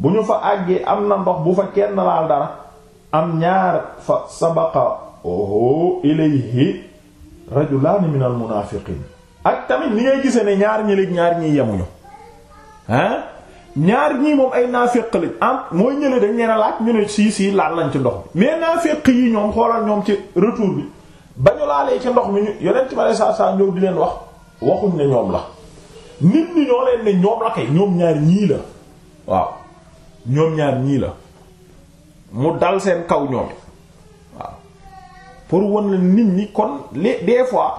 bu ñu fa àggee am na ndox bu fa kenn laal dara am ñaar fa sabaqa oho ilayhi rajulaani minal munaafiqiin ak tamit ni ngay gisee ne ñaar ñi ñaar ñi yemuñu ñaar ñii moom ay naaféq lañ am mooy ñële dañ leen a laaj ñu ne sii sii laal lañ ci ndox mi mais naaféq yi ñoom xoolal ñoom ci retour bi ba ñu laalee ci ndox mi ñu yonent ba saa saa ñëw di leen wax waxuñ ne ñoom la nit ñi ñoo leen ne ñoom la ñoom ñaar ñii la waaw ñoom ñaar ñii la mu dal seen kaw ñoom waaw pour wan la nit ñi kon les des fois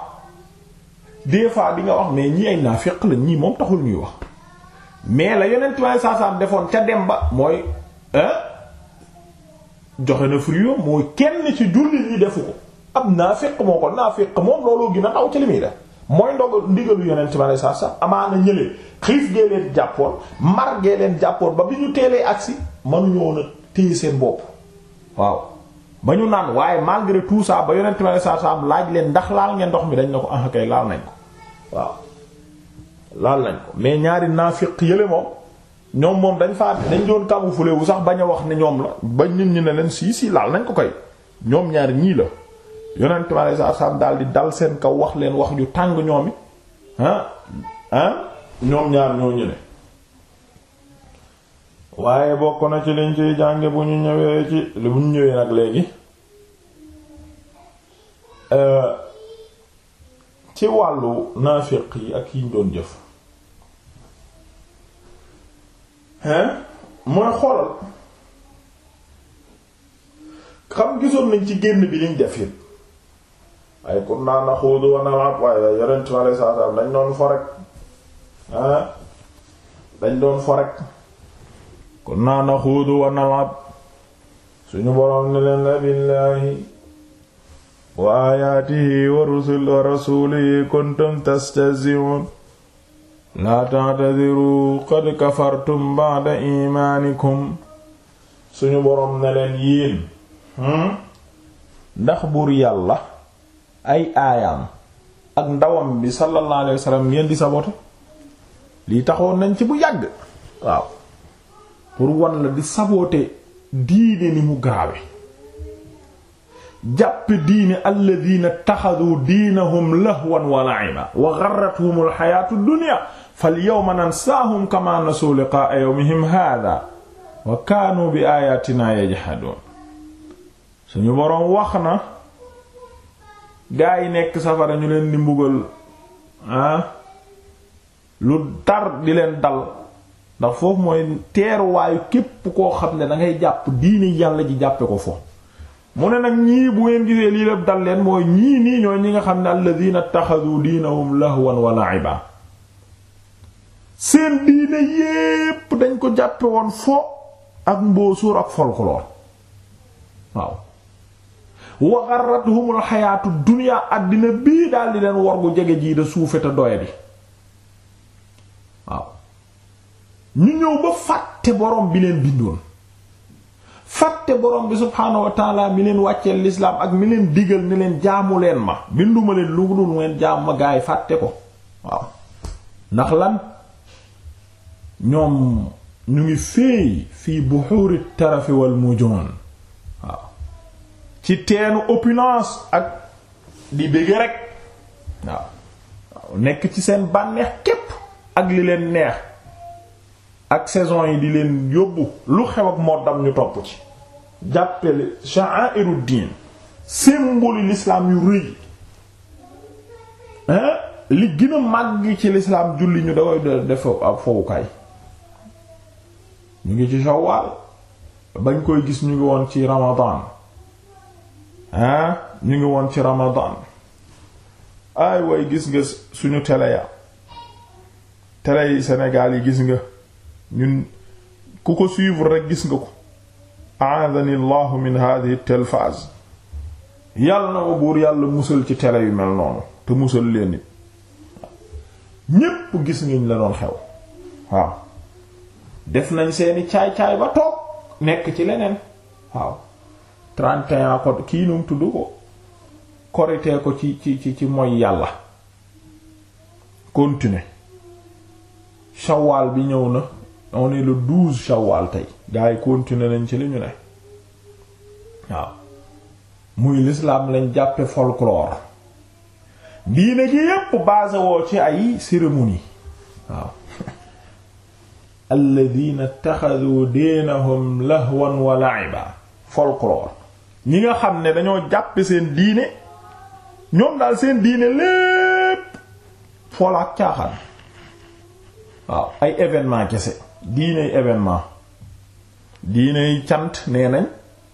des fois bi nga wax mais ñi ay naaféq lañ ñii moom taxul ñuy wax. mais la yonent bi saa saa defoon ca dem ba mooy joxe na fruit mooy kenn ci jullit ñi defu ko am naafiq moo ko naafiq moom looloo gën a ndaw ci li muy def mooy ndog ndigalu yonent bi saa saa amaana ñële xiif gee leen jàppoon mar gee leen jàppoon ba bi ñu teelee agsi mënuñu woon na téye seen bopp waaw ba ñu naan waaye malgré tout ça ba yonent bi saa saa laaj leen ndax laal ngeen ndox mi dañ na ko ah kay laal nañ ko waaw. laal nañ ko mais ñaari naafiq yële moom ñoom moom dañ fa dañ doon kabu fule wu sax bañ a wax ne ñoom la bañ nit ñi ne leen sii sii laal nañ ko koy ñoom ñaari ñii la yonent mi aleyhi salaatu salaam di dal seen kaw wax leen wax yu tàng ñoom it ah ñoom ñaar ñoo ñu waaye bokk na ci liñ ciy jànge bu ñu ñëwee ci li bu ñu ñëwee nag léegi euh, ci wàllu naafiq yi ak yiñ doon jëf. mooy xoolal xam gisoon nañ ci génn bi liñ def yëpp ay kun naa na xuudu wa nal'ab waaye yonent bi alayhi salaam dañ doon fo rek dañ doon fo kun naa na xuudu wa nal'ab suñu boroom ne leen la wa aayaatihi wa rusul wa rasulihi kuntum tastahzi'uun laa ta'tadiru qad kafartum ba'da imaanikum suñu boroom ne leen yéen hmm? ndax buur yàlla ay aayaam ak ndawam bi sallallahu alayhi wasallam ngeen di sabote lii taxoon nañ ci bu yàgg waaw pour wan la di sabote diine ni mu grave jàpp diine alladina taxadu diinahum lahwan wa la'iba wa gharratuhum alxayaatu dunya falyawma nansaahum kama nasuu liqaa'a yawmihim haadha wa kaanu bi aayaatina yajhaduun suñu boroom wax na gaa yi nekk safara ñu leen di mbugal ah, lu tar di leen dal ndax foofu mooy teeruwaayu képp koo xam ne dangay jàpp diine yàlla ji jàppe ko foofu mu ne nag ñii bu ngeen lii lépp dal leen mooy ñii nii ñooy ñi nga xam ne alladina taxadu diinahum lahwan wa la'iba seen diine yépp dañ ko jàppe woon fo ak mbóosuur ak folklore waaw wa gharratuhumul xayaatu dunya àddina bii daal leen war gu jege jii da suufe te doyadi waaw ñu ñëw ba fàtte borom bi leen bindoon fàtte borom bi subhaanahu wa taala mi leen wàcceel lislaam ak mi leen digal ne leen jaamu leen ma binduma leen lu dul ngeen jaamu ma gaay fàtte ko waaw ndax lan ñoom ñu ngi féey fii buxuuri tarafi wal mujoon waaw ci teenu opulence ak di bëgg rek waaw waaw nekk ci seen bànneex képp ak li leen neex ak saison yi di leen yóbbu lu xew ak moddam ñu topp ci jàppale sha'airu diin symbole l'islam yu rëy li gën a màgg ci lislaam julli ñu da koy def ab fowukaay ñu ngi ci shawwal bañ koy gis ñu ngi woon ci ramadan ah ñu ngi woon ci ramadan ay way gis nga suñu télé ya télé yi Sénégal yi gis nga ñun ku ko suivre rek gis nga ko aadani llahu min hadihi telphase yàlla na ma buur yàlla musal ci tele yu mel noonu te musal leen nit ñépp gis ngiñ la doon xew waaw def nañ seeni caay-caay ba toog nekk ci leneen waaw 31 ko kii num tudd ko koritee ko ci ci ci ci mooy yàlla continuer shawaal bi ñëw na on lu le douze shawwal tey gars yi continuer nañ ci li ñu ne waaw muy l'islam lañ jàppe folklore diine gi yépp basé ci ay cérémonie waaw alladina taxadu diinahum lahwan wa la'iba folklore ñi nga xam ne dañoo jàppe seen diine ñoom daal seen diine lépp fol caaxaan waaw ay événement kese diiney événement diiney cant nee nañ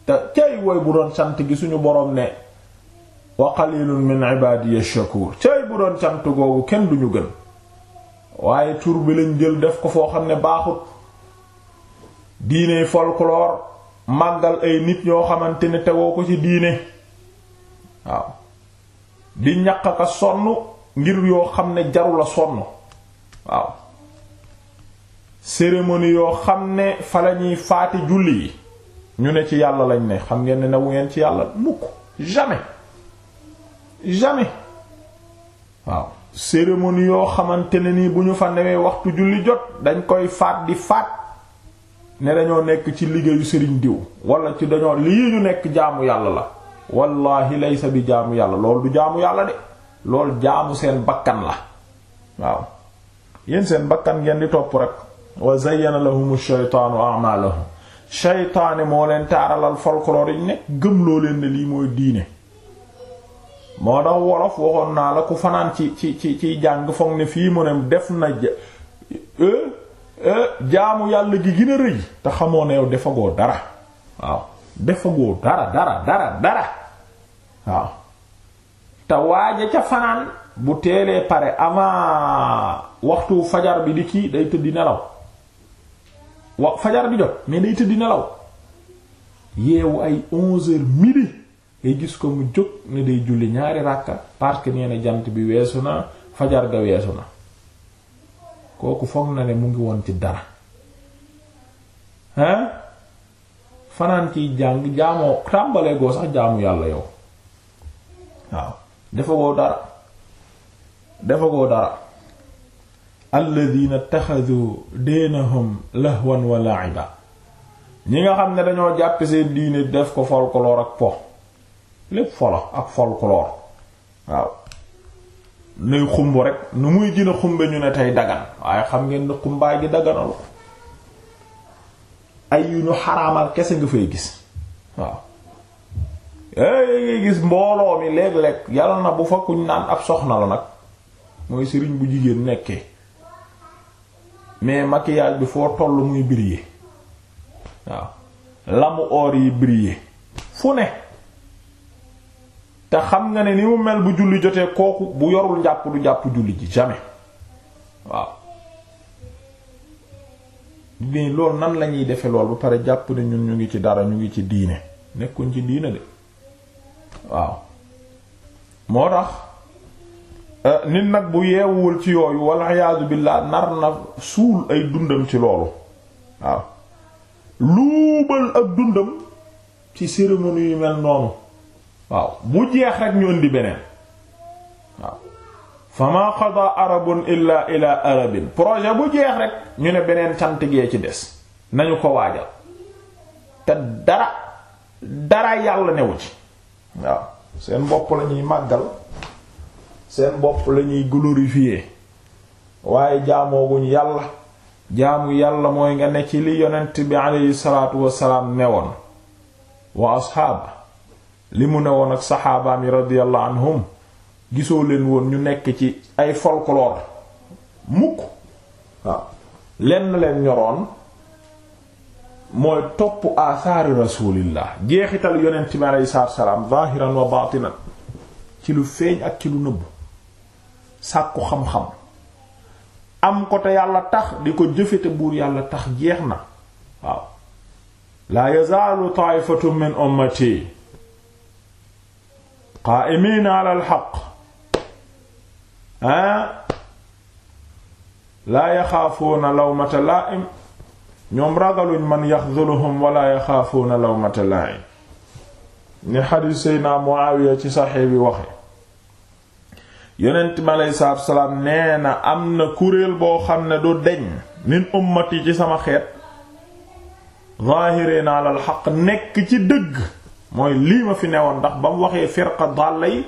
te cay woy bu doon cant gi suñu boroom ne wa qalilun min ibadiya shakur cay bu doon cant googu kenn duñu gën waaye tur bi lañ jël def ko foo xam ne baaxut diiney folklore màggal ay nit yoo xamante ne tegoo ko ci diine waaw di ñaq ka sonn ngir yoo xam ne jarul a sonn waaw cérémonie yoo xam ne fa la faati julli yi ñu ne ci yàlla lañ ne xam ngeen ne newu ngeen ci yàlla mukk jamais jamais waaw cérémonie yoo xamante ne ni bu ñu fa newee waxtu julli jot dañ koy faat di faat ne dañoo nekk ci liggéeyu sëriñ diw wala ci dañoo lii ñu nekk jaamu yàlla la wallahi laysa bi jaamu yàlla lool du jaamu yàlla de lool jaamu seen bakkan la waaw yéen seen bakkan ngeen di topp rek wa zayyana lahum shaytaanu a'maalahum shaytaane moo leen taaralal folklore yi nekk gëmloo leen ne lii mooy diine moo tax wolof waxoon naa la ku fanaan ci ci ci ciy jàng foog ne fii mu ne def na e, e, jaamu yàlla gi gën a rëy te xamoo ne yow defagoo dara waaw defagoo dara dara dara waaw te waaja ca fanaan bu teelee pare avant waxtu fajar bi di kii day tëddi nelaw wa fajar di jot mais day tëdd nelaw yeewu ay onze heures midi ngay gis ko mu jóg ne day julli ñaari ràkka parce que jant bi weesu na fajar ga weesu na kooku foog na ne mu ngi woon ci dara hein fanaan ciy jàng jaamoo tàmbalee goo sax jaamu yàlla yow waaw defagoo dara defagoo dara alladina taxadu diinahum lahwan wa la'iba ñi nga xam ne dañoo jàpp seen diine def ko folklore ak po lépp folo ak folklore waaw nuy xumb rek nu muy gën a xumbe ñu ne tey dagan waaye xam ngeen ne xumbaay gi daganalu ay yu ñu xaraamal kese nga fay gis waaw éy ngay gis mbooloo mi léeg-léeg yàlla na bu fa kuñ naan ab soxna la nag mooy sëriñ bu jigéen nekkee mais maquillage bi foo toll muy briller waaw lamu or yi briller fu ne te xam nga ne ni mu mel bu julli jotee kooku bu yorul jàpp du jàpp julli ji jamais waaw ni loolu nan lañuy defe lool ba pare jàpp ne ñun ñu ngi ci dara ñu ngi ci diine nekkuñ ci diine de waaw moo tax Euh, nit nag bu yeewuwul ci yooyu walla iyaadu billaah nar na suul ay dundam ci loolu waaw luubal ak dundam ci cérémonie yu mel noonu waaw bu jeex rek ñu indi beneen waaw fama qada arabun illa ila arabin projet bu jeex rek ñu ne beneen cant gee ci des nañu ko waajal te dara dara yàlla newu ci waaw seen bopp lañuy màggal seen bopp lañuy glorifier waaye jaamooguñ yàlla jaamu yàlla mooy nga ne ci li yonent bi aleyhi salaatu wasalaam newoon wa asxaab li mu newoon ak saxaabaam yi radiyallahu anhum gisoo leen woon ñu nekk ci ay folklore mukk lenn leen ñoroon mooy topp aathaari rasulillah jeexital yonent bi aleyhi salaatu wasalaam zahiran wa baatinan ci lu feeñ ak ci lu nëbb sàkku xam-xam am ko te yàlla tax di ko jëfe te buur yàlla tax jeex na waaw laa yazaalu taaifatun min ummati qaa'imiina ala alxaq ah laa yaxaafuuna lawmata laa'im ñoom ragaluñ man yaxduluhum wala yaxaafuuna lawmata laa'im ni xadiis Seydina Muawiya ci saxiix bi waxe yonent mi aleyhi salaatu salaam nee na am na kuréel boo xam ne du deñ min ummati ci sama xeet naa la xaq nekk ci dëgg mooy lii ma fi newoon ndax ba mu waxee firqa dàll yi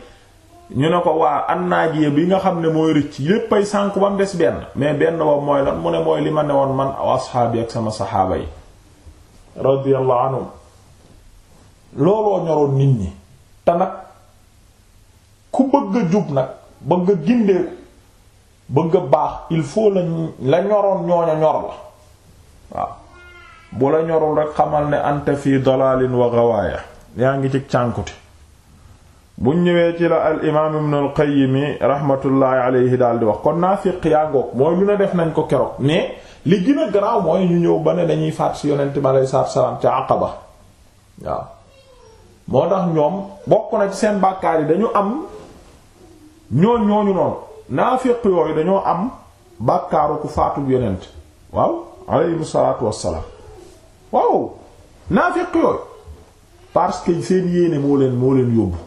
ñu ne ko waa annaajiya bi nga xam ne mooy rëcc léppay sànku ba mu des benn mais benn ba mooy lan mu ne mooy li ma newoon man aw asxaabi ak sama saxaaba yi radiyallahu anhum looloo ñoroon nit ñi te nag ku bëgg a jub nag bëgg a gindeeku bëgg a baax il faut la ñoroon ñooña ñor la waaw bu la ñorul rek xamal ne anta fi dalalin wa gawaaya yaa ngi ci cànkuti buñ ñëwee ci la al imaam ibn al qayyim rahmatullahi alayhi daal di wax kon naafiq yaa ngoog mooy lu ne def nañ ko keroog mais li gën a garaaw mooy ñu ñëw ba ne dañuy faat si yonent bi aleyhi salaatu salaam ca Aqaba waaw moo tax ñoom bokk na ci seen bàkkaar yi dañu am ñooñ ñooñu noonu naafiq yooyu dañoo am bàkkaaru ku faatub yonent waaw aleyhim salaatu wassalaam waaw naafiq yooyu parce que seen yéene moo leen moo leen yóbbu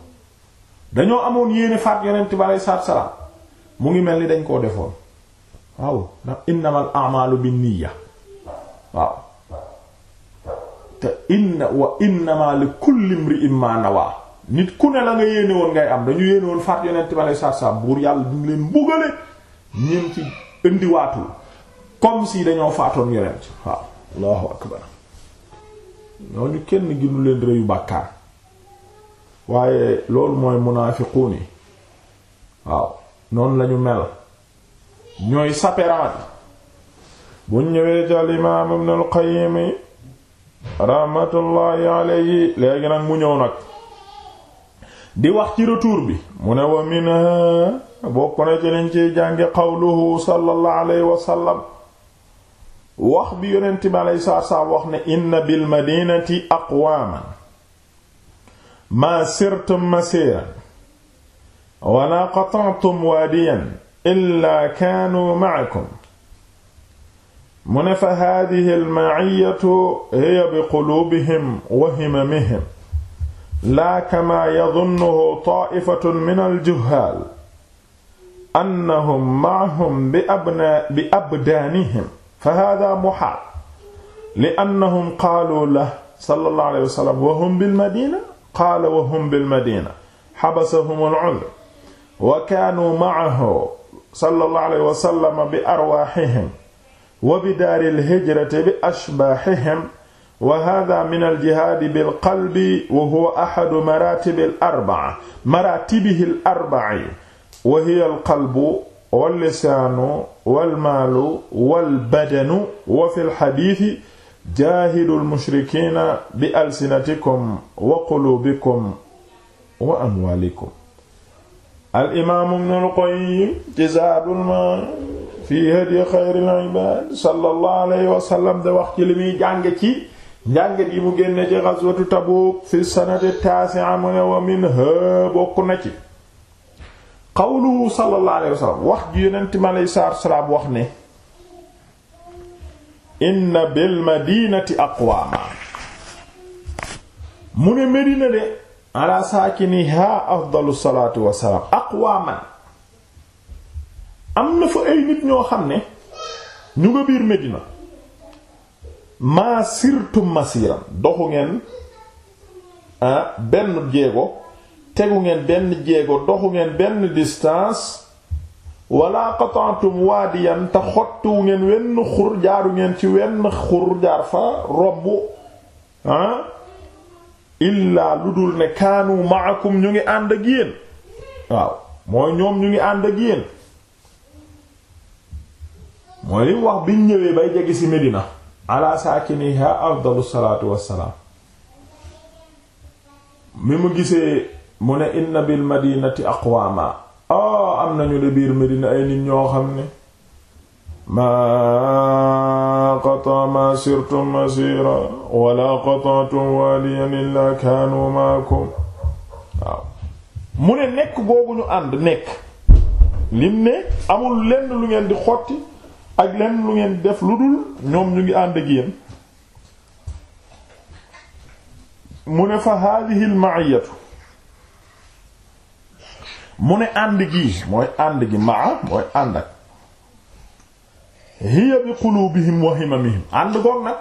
dañoo amoon yéene faat yonent bi aleyhi salaatu wassalaam mu ngi mel ni dañ koo defoon waaw ndax innamal a'malu binniya waaw te inna wa innama li kulli imri'in ma nawa nit ku ne la nga yéene woon ngay am dañu yéene woon faat yonent bi alayhi salaatu buur yàlla du ngi leen mbugale ñim ci indiwaatul comme si dañoo faatoon yonent waaw allahu akbar ñooñu kenn ginu leen rëyu bàkkaar waaye loolu mooy munaafiquun yi waaw noonu lañu mel ñooy saperaat buñ ñëwee jal imaam ibn al qayyim rahmatullahi alayhi léegi nag mu ñëw nag di wax ci retour bi mu ne wa minha bokk na ci lañ ciy jànge qawluhu sallallahu alayhi wa sallam wax bi yonent bi alayhi salaatu salaam wax ne inna bil madinati aqwaaman maa sirtum masiiran walaa qata'tum waadiyan illaa kaanuu ma'akum mu ne fa haadihi al ma'iyyatu hiya bi quluubihim wa himamihim laa kamaa yadunnuhu taa'ifatun min aljuhaal annahum ma'ahum bi abna bi abdaanihim fa haadaa muhaal li annahum qaaluu lahu sallallahu alayhi wa sallam wa hum bil madiina qaala wa hum bil madiina habasahum al-'udhr wa kaanuu ma'ahu sallallahu alayhi wa sallam bi arwaahihim wa bi daaril hijrati bi ashbaahihim wa hada min aljihaadi bilqalbi wa huwa ahadu maratibi al arbaa maratibihi al arbai wa hiya alqalbu wallisaanu walmaalu walbadanu wa fi lxadiiti jaahidu lmushrikiina bi alsinatikum wa quluubikum wa amwaalikum alimaamu bnul qayyim ci zaadul ma fi hadi xayril ibaad sallallahu alayhi wa sallam da wax ci li muy jàng ci njàngat yi mu génne ci ghazwatu Tabuk fi sanati tasi'a mu ne wa minha bokk na ci qawluhu sallallahu alayhi wa sallam wax ji yonent mi alayhi salaatu salaam wax ne inna bil madinati aqwaama mu ne Medina de ala saakiniha afdalu salaatu wa salaam am na fa ay nit ñoo xam ne ñu nga biir Medina ma sirtum masiran doxu ngeen ah, benn jéego tegu ngeen benn jéego doxu ngeen benn distance wala qata'tum waadiyan te xottu ngeen wenn xur jaaru ngeen ci wenn xur jaar fa robb ah illaa lu dul ne kaanu maakum ñu ngi ànd ak yéen waaw mooy ñoom ñu ngi ànd ak yéen mooy lim wax biñ ñëwee bay jege ci Medina ala saakiniha afdalu salaatu wassalaam mi mu gisee mu ne inna bil madinati aqwaama a oh, am nañu de biir madina ay nit ñoo xam ne maa qata ma sirtum masira wala qata'tum wadiyan illa kaanu maakum mu ne nekk googu ñu ànd nekk lim ne amul lenn lu ngeen di xotti ak leen lu ngeen def lu dul ñoom ñu ngi ànd ak mu ne fa haadihi al mu ne ànd gi mooy ànd gi maa mooy ànd ak hiya bi qulubihim wa himamihim ànd goog nag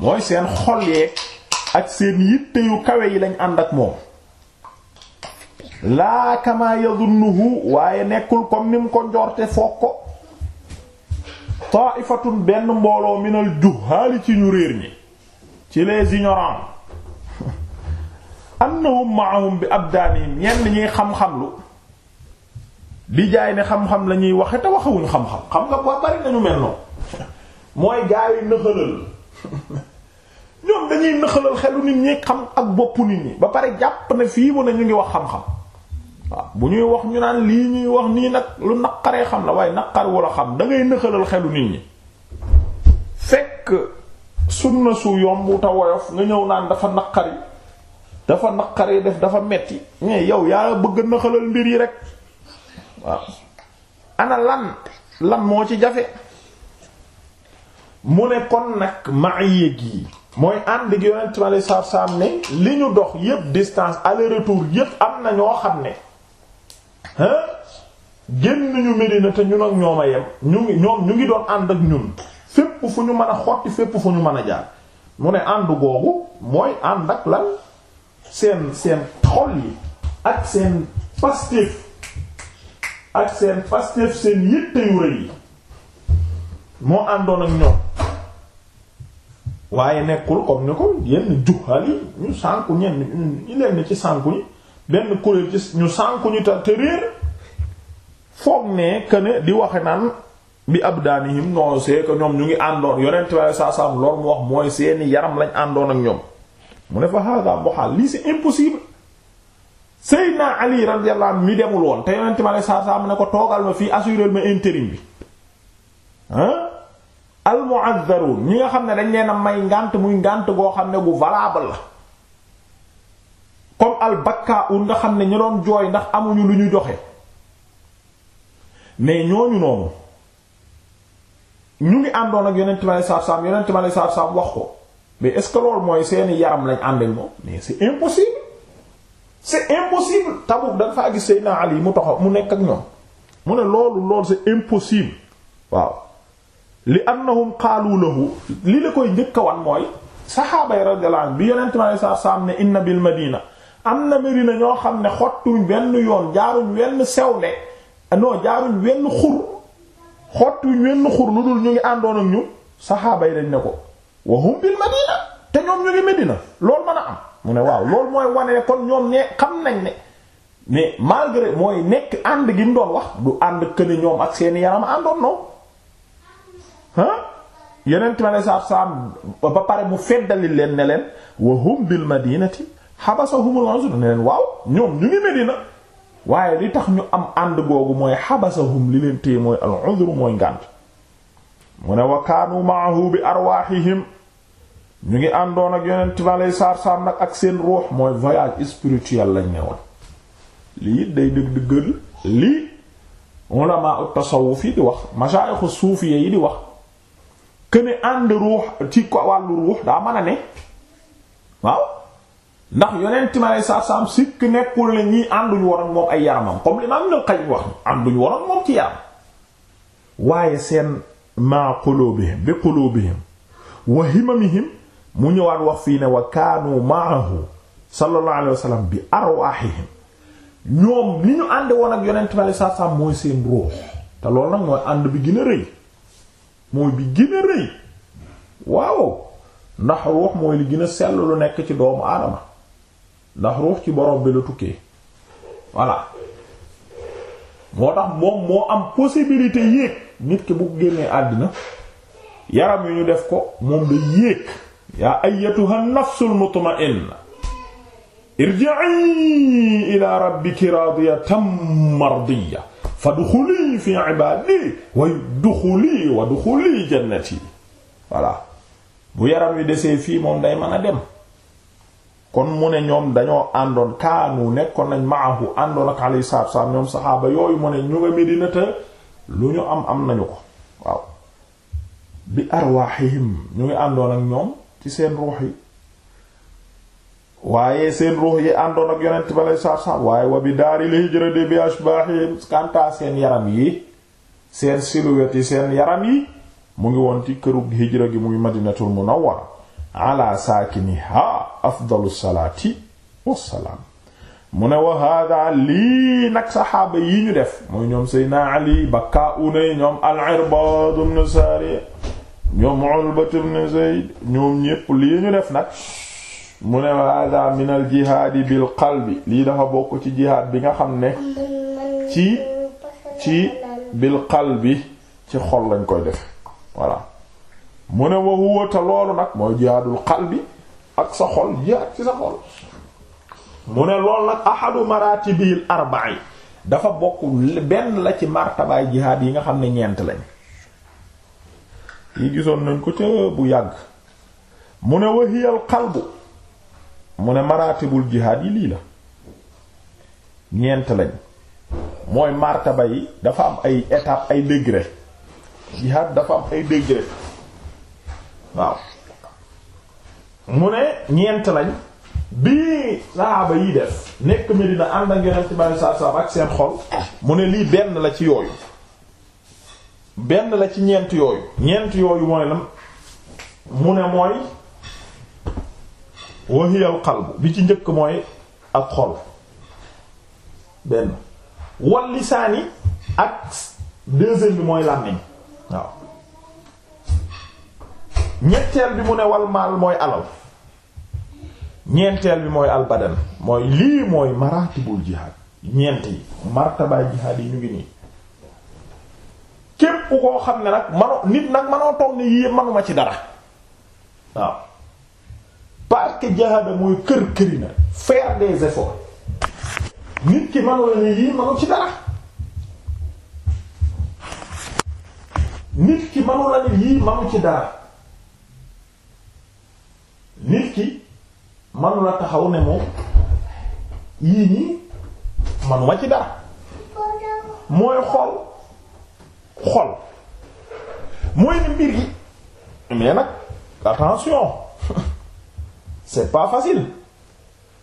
mooy seen xol yeeg ak seen yitte yu kawe yi lañ ànd ak moom laa kama yadunnuhu waaye nekkul ko ni mu ko njorte foog ko ta'ifatun benn mbooloo minal juhaali ci ñu réer ñi ci les ignorants annahum ma'ahum bi abdaanihim ñenn ñuy xam-xamlu di jaay ne xam-xam la ñuy waxe te waxewuñu xam-xam xam nga ba bari nañu mel noonu mooy gaayu nëxalal ñoom dañuy nëxalal xelu nit ñi xam ak boppu nit ñi ba pare jàpp na fii mu ne ñu ngi wax xam-xam waaw bu ñuy wax ñu naan lii ñuy wax nii nag lu naqaree xam la waaye naqar wala xam da ngay nëxalal xelu nit ñi fekk sunna su yomb te woyof nga ñëw naan dafa naqari dafa naqari def dafa metti mais yow yaa bëgg nëxalal mbir yi rek waaw ana lan lan moo ci jafe mu ne kon nag ma yéeg yi mooy ànd gi yonent mi alei ne li ñu dox yépp distance aller retour yépp am na ñoo xam ne génn ñu Medina te ñun ak ñoom a yem ñu ngi ñoom ñu ngi doon ànd ak ñun fépp fu ñu mën a xotti fépp fu ñu mën a jaar mu ne ànd googu mooy ànd ak lan seen seen xol yi ak seen pastéef ak seen pastéef seen yitte yu rëy yi moo àndoon ak ñoom waaye nekkul comme ni ko yenn juxal yi ñu sànku ñenn ñu leen ci sànku ñi benn kuréel ci ñu sànku ñu te réer foog ne que ne di waxe naan bi ab daanihim non c'est ñoom ñu ngi àndoon yonent waaye saa lool mu wax mooy seeni yaram lañ àndoon ak ñoom mu ne fa hada boxaal lii c'est impossible Seydina Ali radiyallahu mi demul woon te yonent ma ne saa saa ko toogal ma fii assuré ma intérim bi ah al mu'azzarun ñi nga xam ne dañ leen a may ngànt muy ngànt goo xam ne gu valable la albakkaa ul nga xam ne ñu doon jooy ndax amuñu lu ñu joxe mais ñooñu noonu ñu ngi àndoon ak yonent ma lay saab saab yonent ma lay saab saab wax ko mais est-ce que loolu mooy seeni yaram lañ ànd ak moom mais c'est impossible c'est impossible mu taxaw mu nekk ak ñoom mu ne loolu loolu c'est impossible waaw li annahum qaalu lahu li la koy njëkk a wan mooy saxaaba yi bi yonent ma lay saab saab ne inna bil madina am na Medina ñoo xam ne xottu wenn yoon jaaruñ wenn sewle non jaaruñ wenn xur xottuñ wenn xur lu dul ñu ngi àndoon ak ñu saxaaba yi dañ ne ko wahum bil Madina te ñoom ñu ngi Medina loolu mën a am mu ne waaw lool mooy wane ne kon ñoom ne xam nañ ne mais malgré mooy nekk ànd gi mu doon wax du ànd këne ñoom ak seeni yaram àndoon noonu ah yeneen time a ba pare mu feddali leen neleen leen wahum bil Madinati xabasahumul uzr ne leen waaw ñoom ñu ngi Medina waaye li tax ñu am ànd googu mooy xabasahum li leen téye mooy al uzr mooy ngànt mu ne wa kaanu maahu bi ñu ngi àndoon ak yonent bi aleyhi salaatu salaam nag ak seen ruux mooy voyage spirituel lañ ne woon lii day dëgg dëggal lii ulama tasawuf yi di wax mashaayixu suufiya yi di wax këne ànd ruux ci wàllu ruux daa mën a ne waaw ndax yonent mi aleyhi salaatu salaam sikk nekkul ne ñii ànduñu woon ak moom ay yaramam comme l'imam Ibn Qayyim wax ànduñu woon moom ci yaram waaye seen ma qulubihim bi qulubihim wa himamihim mu ñëwaat wax fii ne wa kaanu ma'ahu sallallahu alayhi wa sallam bi arwaahihim ñoom li ñu ànd woon ak yonent mi aleyhi mooy seen ruux te loolu nag mooy ànd bi gën a rëy mooy bi gën a rëy waaw ndax ruux mooy li gën a sell lu nekk ci doomu aadama ndax ruux ci borom bi la tukkee voilà moo tax moom moo am possibilité yéeg nit ki bu génnee àddina yaram yu ñu def ko moom la yéeg yaa ayyatuha nafsul mutma'inna irji'i ila rabbiki radiyatan mardiyya fadxuli fi ibadi wa duxuli wa duxuli jannati voilà bu yaram wi desee fii moom day mën a dem kon mu ne ñoom dañoo àndoon kaanu nekkoon nañ maahu àndoon ak alayhi salaatu salaam ñoom saxaaba yooyu mu ne ñu nga Medina te lu ñu am am nañu ko waaw bi arwaahihim ñu ngi àndoon ak ñoom ci seen ruux yi waaye seen ruux yi àndoon ak yonent bi alayhi salaatu salaam waaye wa bi daaril hijrati bi ashbaahihim kanta seen yaram yi seen silhouette yi seen yaram yi mu ngi woon ci kërug hijra gi muy Madinatul Munawwara ala saakiniha afdalu salaati wassalaam mu ne wa hada lii nag saxaaba yi ñu def mooy ñoom seydna ali bakkaa unay ñoom al-Irbaad ibn Saariya ñoom Ulbat ibn Zayd ñoom ñépp lii ñu def nag mu ne hada min al jihaadi bil qalbi lii dafa bokk ci jihaad bi nga xam ne ci ci bil qalbi ci xol lañ koy def voilà mu ne wa huwa loolu nag mooy jihaadul qalbi ak sa xol jihaad ci sa xol mu ne loolu nag ahadu maratibil arba'i dafa bokk benn la ci martabaay jihaad yi nga xam ne ñeent lañ yi gisoon nañ ko ca bu yàgg mu ne wa hiyal qalbu mu ne maratibul jihaad yi lii la ñeent lañ mooy martaba yi dafa am ay étape ay degré jihaad dafa am ay degré waaw mu ne ñeent lañ bii saxaaba yi def nekk Medina ànd ak Yonent ak seen xol mu ne lii benn la ci yooyu benn la ci ñeent yooyu ñeent yooyu mooy la mu ne mooy wa hiya bi ci njëkk mooy ak xol benn wal lisaani ak deuxième bi mooy làmmiñ waaw ñetteel bi mu ne wal maal mooy alal ñenteel bi mooy albadan mooy lii mooy maratibul jihaad ñeent yi martabaay jihaad yi ñu ngi nii képp koo xam ne nag manoo nit nag manoo toog ne yii manuma ci dara na faire des efforts nit ki manula ne ci dara nit ki manula ne yii manu ci dara nit ki manu la taxaw ne moom yii nii manuma ci dara mooy xol xol mooy ni mbir yi mais nag attention c'est pas facile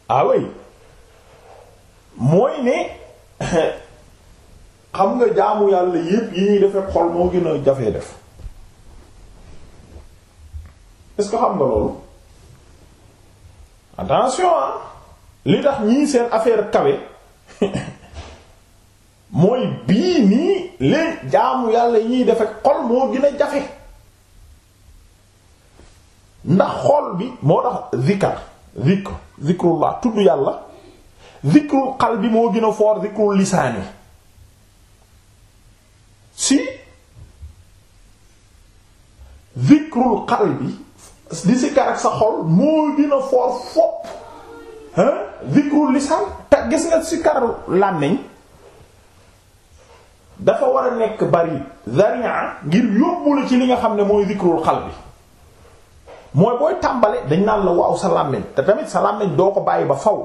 ah mooy ne xam nga jaamu yàlla yépp yi ñuy defee xol moo gën a jafee def est-ce que xam nga loolu attention ah li tax ñii seen affaire kawe mooy bii nii leen jaamu yàlla yi ñuy def xol moo gën jafe ndax xol bi moo tax zikkar zikr zikrullah tudd yàlla zikrul xal bi moo gën a foor zikrul lisaani si zikrul xal bi di sikkar ak sa xol moo gën a foor fopp zikrul lisan te gis nga sikkaru làmmiñ dafa war a nekk bari zaria ngir yóbbu la ci li nga xam ne mooy zikrul xal bi mooy booy tàmbale dañ naan la waaw sa làmmiñ te tamit sa làmmiñ doo ko bàyyi ba faw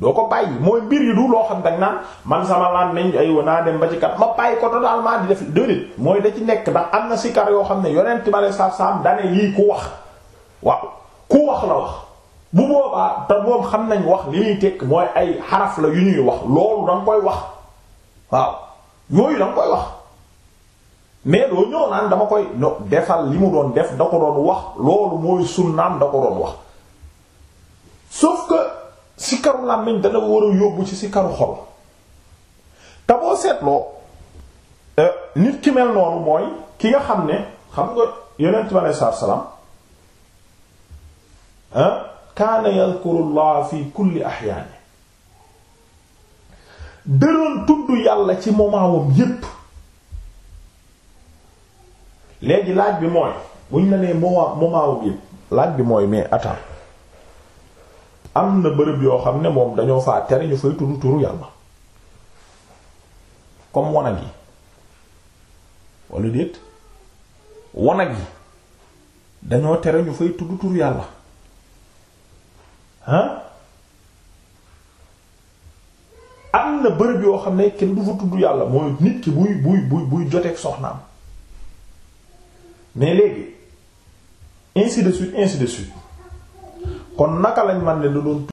doo ko bàyyi mooy mbir yi du loo xam dañ naan man sama laan nañ aywa naa dem ba ci kat ma bàyyi ko totalement di def déedéet mooy da ci nekk ndax am na sikar yoo xam ne yonent bale sa saam dane lii ku wax waaw ku wax la wax bu boobaa te moom xam nañ wax li ñuy tekk mooy ay xaraf la yu ñuy wax loolu da koy wax waaw yooyu da nga koy wax mais doo ñëw naan dama koy no defal li mu doon def da ko doon wax loolu mooy sunnaam da ko doon wax sauf que sikaru làmmiñ dana war a yóbbu ci sikaru xol te boo seetloo euh, nit ki mel noonu mooy ki nga xam ne xam nga yonent bi alayhi salaatu wa kaana yadhkuru fi kulli ahyaani dëroon tudd yàlla ci moment wam yépp léegi laaj bi mooy buñ la nee moment yépp laaj bi mooy mais attends am na bërëb yoo xam ne moom dañoo faa tere ñu fay turu turu yàlla comme wanag yi wala dañoo tere ñu fay tudd turu yàlla ah am na bërëb yoo xam ne kenn du fa tudd yàlla mooy nit ki buy buy buy buy joteeg mais léegi ainsi de suite insi de suite kon naka lañ man ne da doon